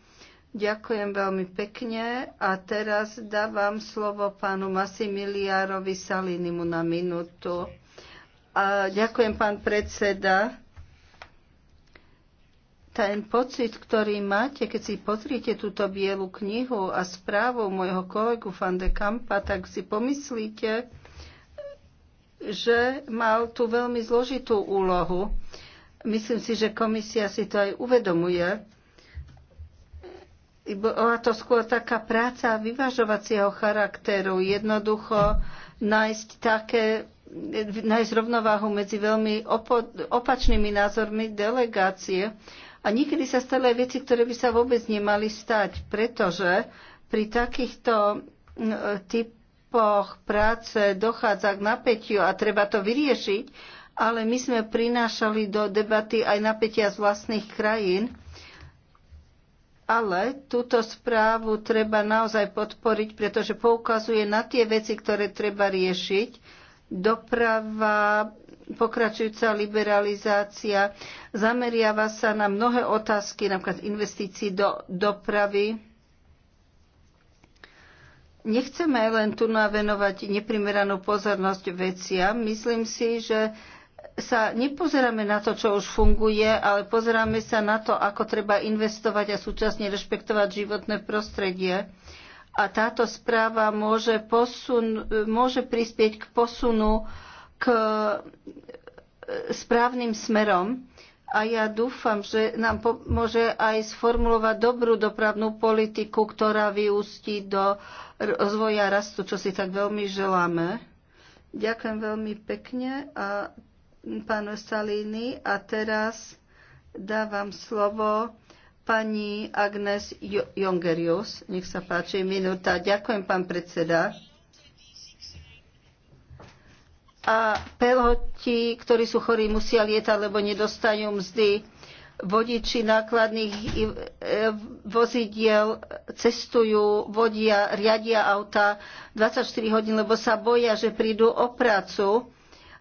Ďakujem veľmi pekne a teraz dávam slovo pánu Massimiliárovi Salinimu na minútu. A ďakujem, pán predseda. Ten pocit, ktorý máte, keď si pozriete túto bielu knihu a správu môjho kolegu Van de Kampa, tak si pomyslíte, že mal tú veľmi zložitú úlohu. Myslím si, že komisia si to aj uvedomuje. Bola to skôr taká práca vyvažovacieho charakteru. Jednoducho nájsť také nájsť rovnováhu medzi veľmi opačnými názormi delegácie. A niekedy sa stali aj veci, ktoré by sa vôbec nemali stať, pretože pri takýchto typoch práce dochádza k napätiu a treba to vyriešiť, ale my sme prinášali do debaty aj napätia z vlastných krajín. Ale túto správu treba naozaj podporiť, pretože poukazuje na tie veci, ktoré treba riešiť doprava, pokračujúca liberalizácia, zameriava sa na mnohé otázky, napríklad investícií do dopravy. Nechceme len tu navenovať neprimeranú pozornosť veciam. Myslím si, že sa nepozeráme na to, čo už funguje, ale pozeráme sa na to, ako treba investovať a súčasne rešpektovať životné prostredie a táto správa môže, posun, môže prispieť k posunu k e, správnym smerom a ja dúfam, že nám môže aj sformulovať dobrú dopravnú politiku, ktorá vyústí do rozvoja rastu, čo si tak veľmi želáme. Ďakujem veľmi pekne a pánu Salini a teraz dávam slovo Pani Agnes Jongerius, nech sa páči, minúta. Ďakujem, pán predseda. A peloti, ktorí sú chorí, musia lietať, lebo nedostanú mzdy. Vodiči nákladných e- vozidiel cestujú, vodia, riadia auta 24 hodín, lebo sa boja, že prídu o prácu.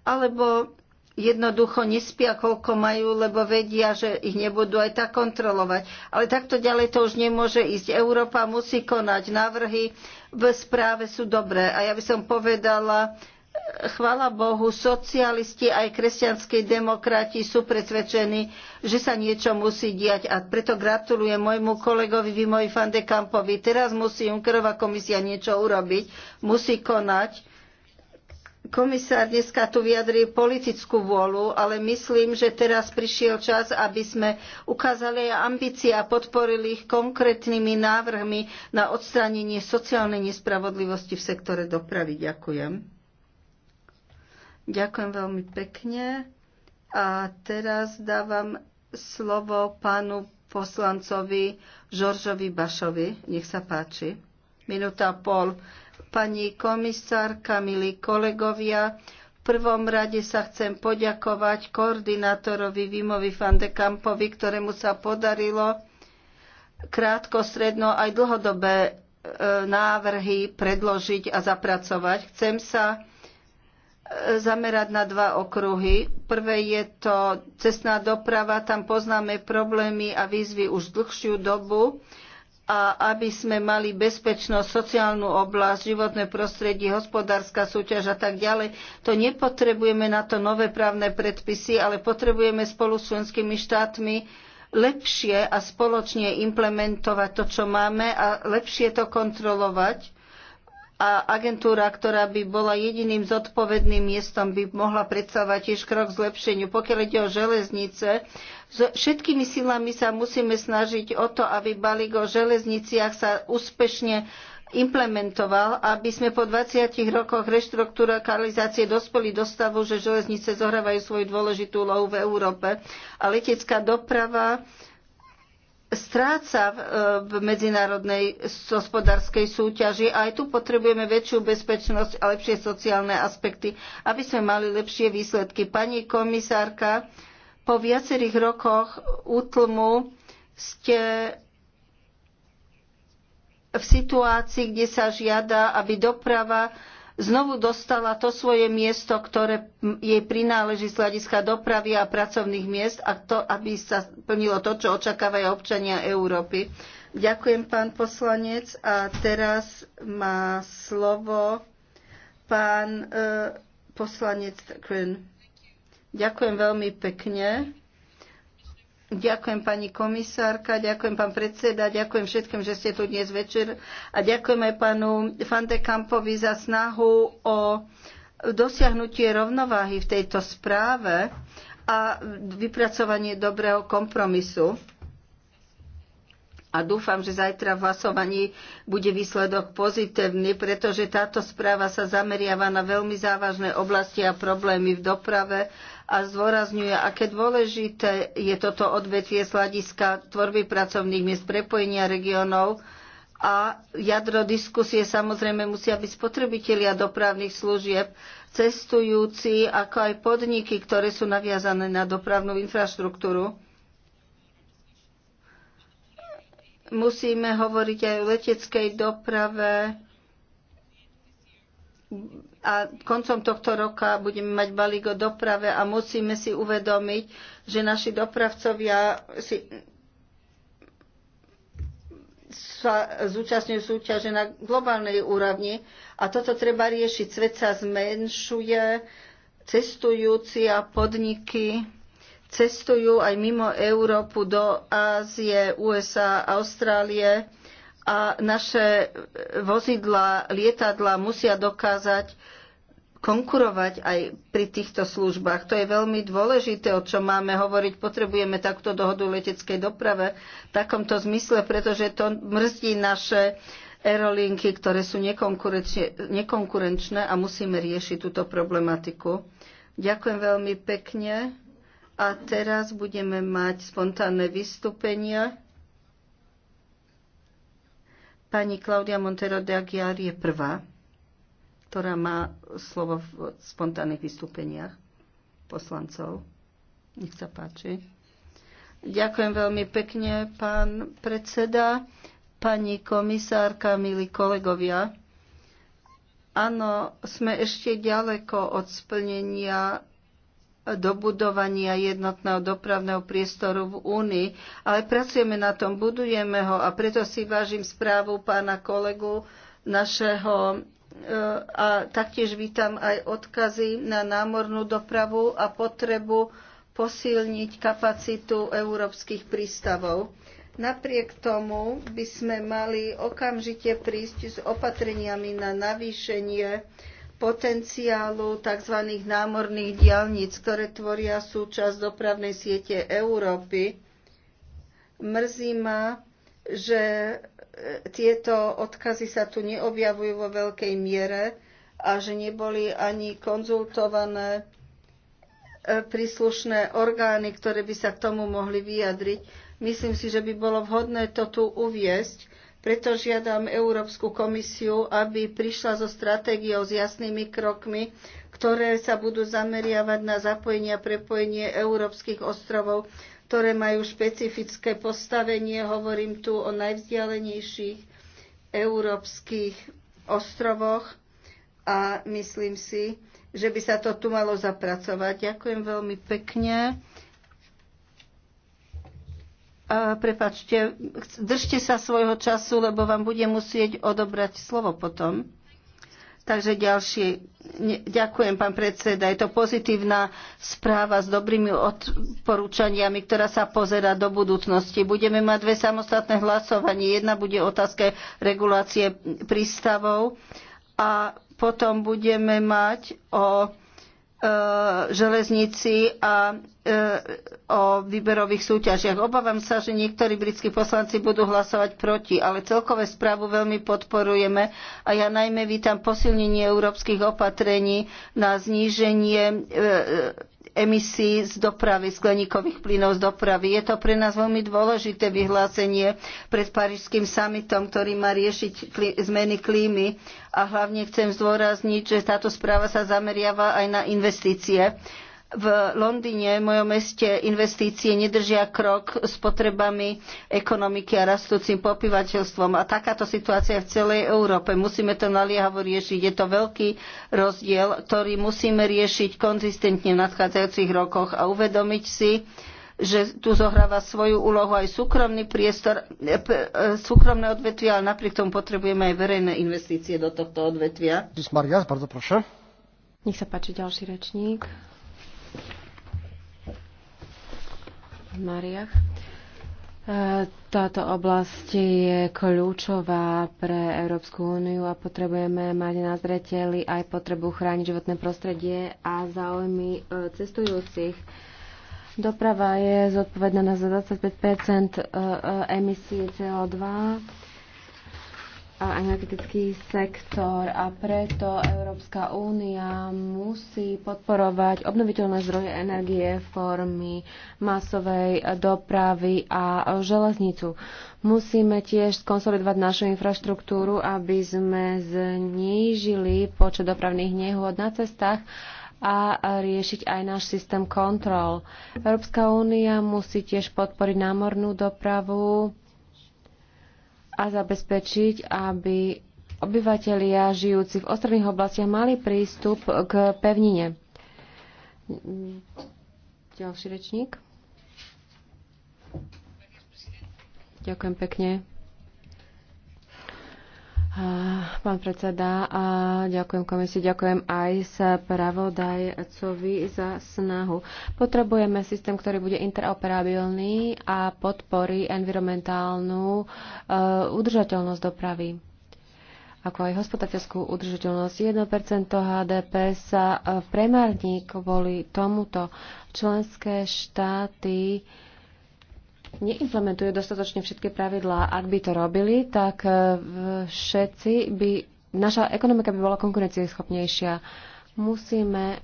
Alebo jednoducho nespia, koľko majú, lebo vedia, že ich nebudú aj tak kontrolovať. Ale takto ďalej to už nemôže ísť. Európa musí konať. Návrhy v správe sú dobré. A ja by som povedala, chvala Bohu, socialisti aj kresťanskí demokrati sú presvedčení, že sa niečo musí diať. A preto gratulujem môjmu kolegovi Vimovi van de Kampovi. Teraz musí Junckerová komisia niečo urobiť, musí konať Komisár dneska tu vyjadril politickú vôľu, ale myslím, že teraz prišiel čas, aby sme ukázali aj ambície a podporili ich konkrétnymi návrhmi na odstránenie sociálnej nespravodlivosti v sektore dopravy. Ďakujem. Ďakujem veľmi pekne. A teraz dávam slovo pánu poslancovi Žoržovi Bašovi. Nech sa páči. Minúta a pol pani komisárka, milí kolegovia. V prvom rade sa chcem poďakovať koordinátorovi Vimovi van de Kampovi, ktorému sa podarilo krátko, stredno aj dlhodobé e, návrhy predložiť a zapracovať. Chcem sa e, zamerať na dva okruhy. Prvé je to cestná doprava, tam poznáme problémy a výzvy už dlhšiu dobu a aby sme mali bezpečnosť, sociálnu oblasť, životné prostredie, hospodárska súťaž a tak ďalej. To nepotrebujeme na to nové právne predpisy, ale potrebujeme spolu s členskými štátmi lepšie a spoločne implementovať to, čo máme a lepšie to kontrolovať a agentúra, ktorá by bola jediným zodpovedným miestom, by mohla predstavovať tiež krok k zlepšeniu. Pokiaľ ide o železnice, so všetkými silami sa musíme snažiť o to, aby balík o železniciach sa úspešne implementoval, aby sme po 20 rokoch reštrukturalizácie dospeli do stavu, že železnice zohrávajú svoju dôležitú úlohu v Európe a letecká doprava stráca e, v medzinárodnej hospodárskej súťaži a aj tu potrebujeme väčšiu bezpečnosť a lepšie sociálne aspekty, aby sme mali lepšie výsledky. Pani komisárka, po viacerých rokoch útlmu ste v situácii, kde sa žiada, aby doprava znovu dostala to svoje miesto, ktoré jej prináleží z hľadiska dopravy a pracovných miest a to, aby sa plnilo to, čo očakávajú občania Európy. Ďakujem, pán poslanec. A teraz má slovo pán e, poslanec Krn. Ďakujem veľmi pekne. Ďakujem pani komisárka, ďakujem pán predseda, ďakujem všetkým, že ste tu dnes večer a ďakujem aj pánu Fantekampovi za snahu o dosiahnutie rovnováhy v tejto správe a vypracovanie dobrého kompromisu. A dúfam, že zajtra v hlasovaní bude výsledok pozitívny, pretože táto správa sa zameriava na veľmi závažné oblasti a problémy v doprave, a zdôrazňuje, aké dôležité je toto odvetvie z hľadiska tvorby pracovných miest, prepojenia regiónov a jadro diskusie samozrejme musia byť spotrebitelia dopravných služieb, cestujúci, ako aj podniky, ktoré sú naviazané na dopravnú infraštruktúru. Musíme hovoriť aj o leteckej doprave a koncom tohto roka budeme mať balík o doprave a musíme si uvedomiť, že naši dopravcovia si sa zúčastňujú súťaže na globálnej úrovni a toto treba riešiť. Svet sa zmenšuje, cestujúci a podniky cestujú aj mimo Európu do Ázie, USA, Austrálie a naše vozidla, lietadla musia dokázať konkurovať aj pri týchto službách. To je veľmi dôležité, o čom máme hovoriť. Potrebujeme takúto dohodu leteckej doprave v takomto zmysle, pretože to mrzí naše aerolinky, ktoré sú nekonkurenčné, nekonkurenčné a musíme riešiť túto problematiku. Ďakujem veľmi pekne. A teraz budeme mať spontánne vystúpenia. Pani Klaudia Montero de Aguiar je prvá ktorá má slovo v spontánnych vystúpeniach poslancov. Nech sa páči. Ďakujem veľmi pekne, pán predseda, pani komisárka, milí kolegovia. Áno, sme ešte ďaleko od splnenia dobudovania jednotného dopravného priestoru v Únii, ale pracujeme na tom, budujeme ho a preto si vážim správu pána kolegu, našeho E, a taktiež vítam aj odkazy na námornú dopravu a potrebu posilniť kapacitu európskych prístavov. Napriek tomu by sme mali okamžite prísť s opatreniami na navýšenie potenciálu tzv. námorných diaľnic, ktoré tvoria súčasť dopravnej siete Európy. Mrzí ma, že tieto odkazy sa tu neobjavujú vo veľkej miere a že neboli ani konzultované e, príslušné orgány, ktoré by sa k tomu mohli vyjadriť. Myslím si, že by bolo vhodné to tu uviesť, preto žiadam Európsku komisiu, aby prišla so stratégiou s jasnými krokmi, ktoré sa budú zameriavať na zapojenie a prepojenie európskych ostrovov ktoré majú špecifické postavenie. Hovorím tu o najvzdialenejších európskych ostrovoch a myslím si, že by sa to tu malo zapracovať. Ďakujem veľmi pekne. A prepačte, držte sa svojho času, lebo vám budem musieť odobrať slovo potom. Takže ďalšie, ďakujem pán predseda, je to pozitívna správa s dobrými odporúčaniami, ktorá sa pozera do budúcnosti. Budeme mať dve samostatné hlasovanie. Jedna bude otázka regulácie prístavov a potom budeme mať o E, železnici a e, o výberových súťažiach. Obávam sa, že niektorí britskí poslanci budú hlasovať proti, ale celkové správu veľmi podporujeme a ja najmä vítam posilnenie európskych opatrení na zníženie e, emisí z dopravy, skleníkových plynov z dopravy. Je to pre nás veľmi dôležité vyhlásenie pred Parížským summitom, ktorý má riešiť zmeny klímy. A hlavne chcem zdôrazniť, že táto správa sa zameriava aj na investície v Londýne, v mojom meste, investície nedržia krok s potrebami ekonomiky a rastúcim popývateľstvom. A takáto situácia v celej Európe. Musíme to naliehavo riešiť. Je to veľký rozdiel, ktorý musíme riešiť konzistentne v nadchádzajúcich rokoch a uvedomiť si, že tu zohráva svoju úlohu aj súkromný priestor, e, e, súkromné odvetvia, ale napriek tomu potrebujeme aj verejné investície do tohto odvetvia. Nech sa páči ďalší rečník. Mariach. E, táto oblasť je kľúčová pre Európsku úniu a potrebujeme mať na zreteli aj potrebu chrániť životné prostredie a záujmy e, cestujúcich. Doprava je zodpovedná za 25 e, emisí CO2 a energetický sektor a preto Európska únia musí podporovať obnoviteľné zdroje energie formy masovej dopravy a železnicu. Musíme tiež skonsolidovať našu infraštruktúru, aby sme znížili počet dopravných nehôd na cestách a riešiť aj náš systém kontrol. Európska únia musí tiež podporiť námornú dopravu, a zabezpečiť, aby obyvatelia žijúci v ostrovných oblastiach mali prístup k pevnine. Ďalší rečník. Ďakujem pekne. Ah, pán predseda, a ďakujem komisii, ďakujem aj spravodajcovi za snahu. Potrebujeme systém, ktorý bude interoperabilný a podporí environmentálnu eh, udržateľnosť dopravy ako aj hospodárskú udržateľnosť. 1% HDP sa eh, premárni kvôli tomuto. Členské štáty uh, neimplementujú dostatočne všetky pravidlá. Ak by to robili, tak e, všetci by, naša ekonomika by bola konkurencieschopnejšia. Musíme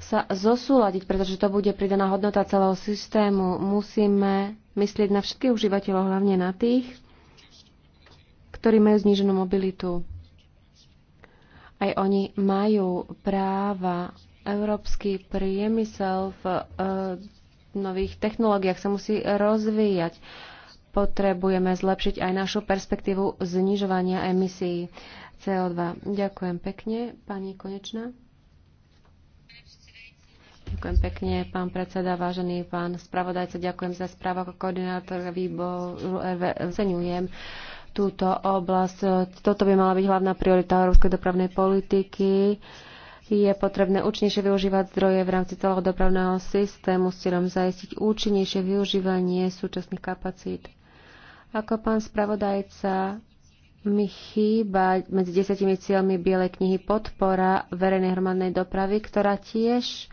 sa zosúľadiť, pretože to bude pridaná hodnota celého systému. Musíme myslieť na všetkých užívateľov, hlavne na tých, ktorí majú zníženú mobilitu. Aj oni majú práva. Európsky priemysel v e, nových technológiách sa musí rozvíjať. Potrebujeme zlepšiť aj našu perspektívu znižovania emisí CO2. Ďakujem pekne, pani Konečná. Ďakujem pekne, pán predseda, vážený pán spravodajca, ďakujem za správu ako koordinátor výboru RV. Ceňujem túto oblasť. Toto by mala byť hlavná priorita európskej dopravnej politiky je potrebné účinnejšie využívať zdroje v rámci celého dopravného systému s cieľom zajistiť účinnejšie využívanie súčasných kapacít. Ako pán spravodajca mi chýba medzi desiatimi cieľmi Bielej knihy podpora verejnej hromadnej dopravy, ktorá tiež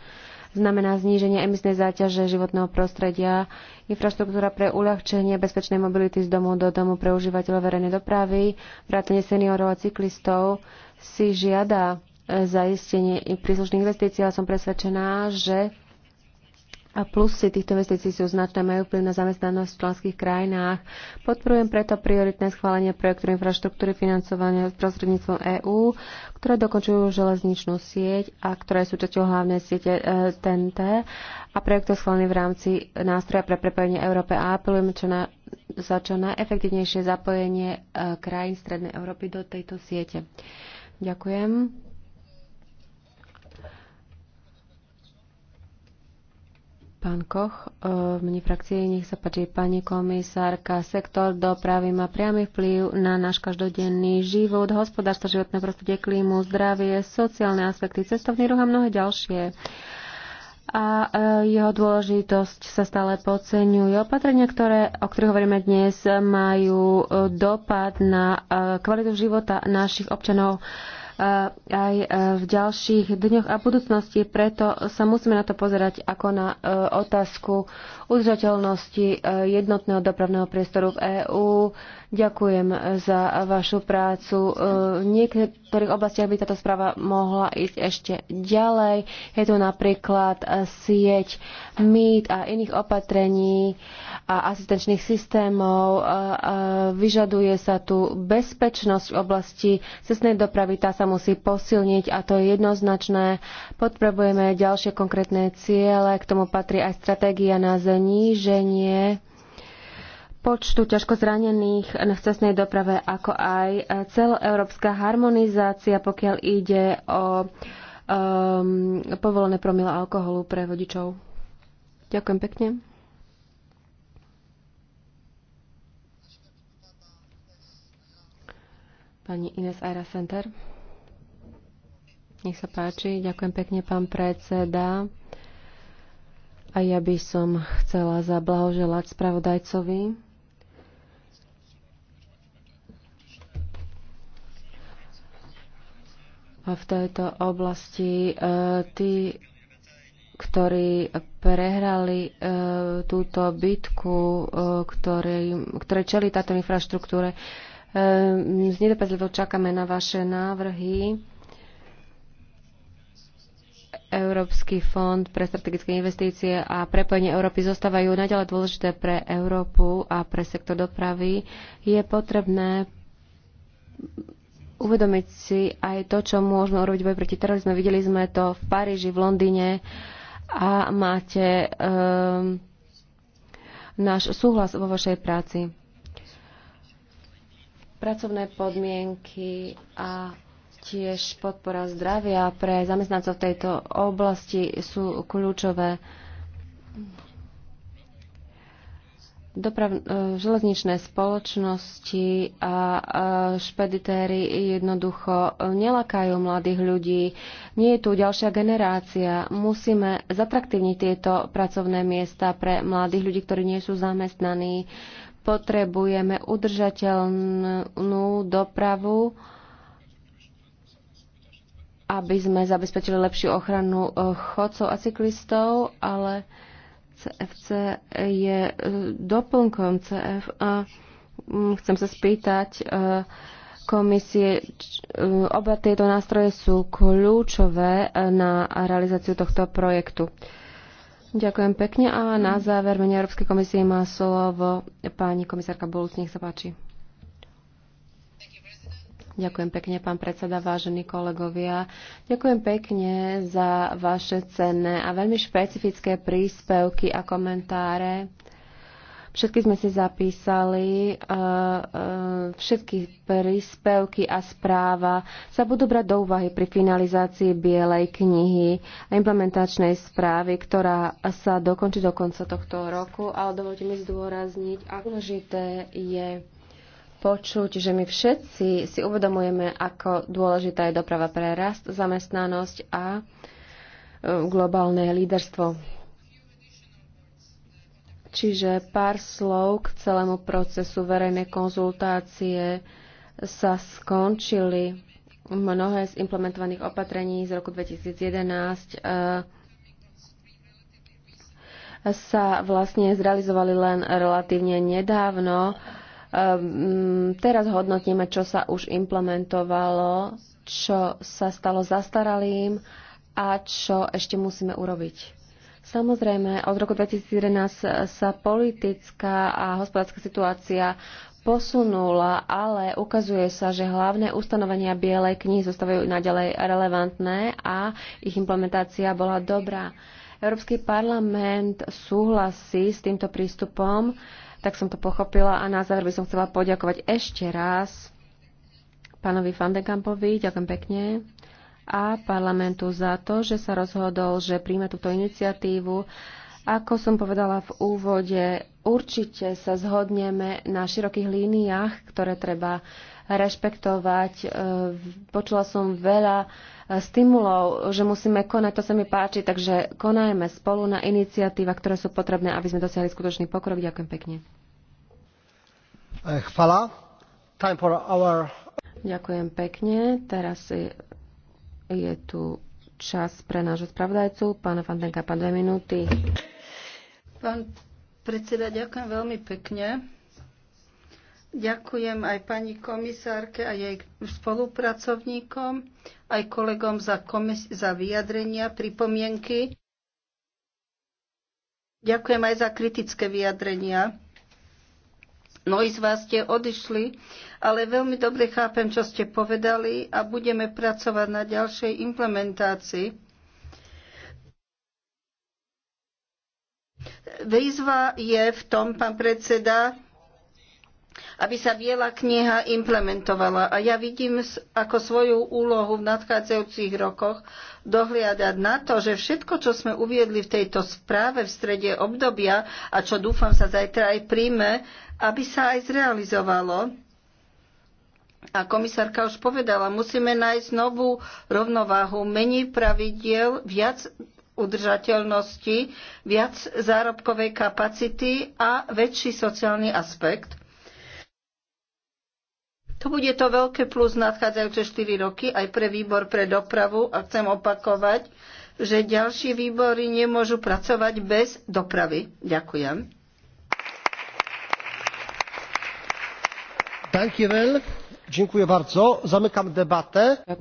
znamená zníženie emisnej záťaže životného prostredia, infraštruktúra pre uľahčenie bezpečnej mobility z domu do domu pre užívateľov verejnej dopravy, vrátanie seniorov a cyklistov si žiada zaistenie príslušných investícií, ale som presvedčená, že a plusy týchto investícií sú značné, majú vplyv na zamestnanosť v členských krajinách. Podporujem preto prioritné schválenie projektu infraštruktúry financovania prostredníctvom EÚ, ktoré dokončujú železničnú sieť a ktoré sú súčasťou hlavnej siete e, TNT a projektov schválený v rámci nástroja pre prepojenie Európe a apelujem čo na, za čo najefektívnejšie zapojenie e, krajín Strednej Európy do tejto siete. Ďakujem. Pán Koch, e, v mene frakcie nech sa páči pani komisárka. Sektor dopravy má priamy vplyv na náš každodenný život, hospodárstvo, životné prostredie, klímu, zdravie, sociálne aspekty, cestovný ruch a mnohé ďalšie a e, jeho dôležitosť sa stále podceňuje. Opatrenia, ktoré, o ktorých hovoríme dnes, majú e, dopad na kvalitu života našich občanov Eh, aj eh, v ďalších dňoch a budúcnosti. Preto sa musíme na to pozerať ako na eh, otázku udržateľnosti jednotného dopravného priestoru v EÚ Ďakujem za vašu prácu. V niektorých oblastiach by táto správa mohla ísť ešte ďalej. Je tu napríklad sieť mýt a iných opatrení a asistenčných systémov. Vyžaduje sa tu bezpečnosť v oblasti cestnej dopravy. Tá sa musí posilniť a to je jednoznačné. Potrebujeme ďalšie konkrétne ciele. K tomu patrí aj stratégia na zníženie počtu ťažko zranených v cestnej doprave, ako aj e, celoeurópska harmonizácia, pokiaľ ide o um, povolené promila alkoholu pre vodičov. Ďakujem pekne. Pani Ines Aira Center. Nech sa páči. Ďakujem pekne, pán predseda. A ja by som chcela zablahoželať spravodajcovi v tejto oblasti. E, tí, ktorí prehrali e, túto bitku, e, ktoré, čeli táto infraštruktúre, s nedopadlivo čakáme na vaše návrhy. Európsky fond pre strategické investície a prepojenie Európy zostávajú naďalej dôležité pre Európu a pre sektor dopravy, je potrebné uvedomiť si aj to, čo môžeme urobiť boj proti terorizmu. Videli sme to v Paríži, v Londýne a máte um, náš súhlas vo vašej práci. Pracovné podmienky a tiež podpora zdravia pre zamestnancov v tejto oblasti sú kľúčové doprav, e, železničné spoločnosti a špeditéry jednoducho nelakajú mladých ľudí. Nie je tu ďalšia generácia. Musíme zatraktívniť tieto pracovné miesta pre mladých ľudí, ktorí nie sú zamestnaní. Potrebujeme udržateľnú dopravu aby sme zabezpečili lepšiu ochranu e, chodcov a cyklistov, ale CFC je e, doplnkom CFA. Mm, chcem sa spýtať e, komisie, e, oba tieto nástroje sú kľúčové na realizáciu tohto projektu. Ďakujem pekne a na záver menej Európskej komisie má slovo pani komisárka Bulc, nech sa páči. Ďakujem pekne, pán predseda, vážení kolegovia. Ďakujem pekne za vaše cenné a veľmi špecifické príspevky a komentáre. Všetky sme si zapísali, eh, eh, všetky príspevky a správa sa budú brať do úvahy pri finalizácii Bielej knihy a implementačnej správy, ktorá sa dokončí do konca tohto roku, ale dovolte mi zdôrazniť, ako dôležité je počuť, že my všetci si uvedomujeme, ako dôležitá je doprava pre rast, zamestnanosť a e, globálne líderstvo. Čiže pár slov k celému procesu verejnej konzultácie sa skončili. Mnohé z implementovaných opatrení z roku 2011 e, sa vlastne zrealizovali len relatívne nedávno Ehm, mm, teraz hodnotíme, čo sa už implementovalo, čo sa stalo zastaralým a čo ešte musíme urobiť. Samozrejme, od roku 2011 sa politická a hospodárska situácia posunula, ale ukazuje sa, že hlavné ustanovenia Bielej knihy zostávajú naďalej relevantné a ich implementácia bola dobrá. Európsky parlament súhlasí s týmto prístupom tak som to pochopila. A na záver by som chcela poďakovať ešte raz pánovi Fandekampovi, ďakujem pekne, a parlamentu za to, že sa rozhodol, že príjme túto iniciatívu ako som povedala v úvode, určite sa zhodneme na širokých líniách, ktoré treba rešpektovať. E, počula som veľa e, stimulov, že musíme konať, to sa mi páči, takže konajme spolu na iniciatíva, ktoré sú potrebné, aby sme dosiahli skutočný pokrok. Ďakujem pekne. E, chvala. Time for our... Ďakujem pekne. Teraz je tu čas pre nášho spravodajcu, pána Fantenka, pán dve minúty. Pán predseda, ďakujem veľmi pekne. Ďakujem aj pani komisárke a jej spolupracovníkom, aj kolegom za, komis- za vyjadrenia, pripomienky. Ďakujem aj za kritické vyjadrenia. Mnohí z vás ste odišli, ale veľmi dobre chápem, čo ste povedali a budeme pracovať na ďalšej implementácii. Výzva je v tom, pán predseda, aby sa biela kniha implementovala. A ja vidím ako svoju úlohu v nadchádzajúcich rokoch dohliadať na to, že všetko, čo sme uviedli v tejto správe v strede obdobia a čo dúfam sa zajtra aj príjme, aby sa aj zrealizovalo. A komisárka už povedala, musíme nájsť novú rovnováhu, menej pravidiel, viac udržateľnosti, viac zárobkovej kapacity a väčší sociálny aspekt. To bude to veľké plus nadchádzajúce 4 roky aj pre výbor pre dopravu a chcem opakovať, že ďalší výbory nemôžu pracovať bez dopravy. Ďakujem. Ďakujem. Dziękuję bardzo. Zamykam debatę.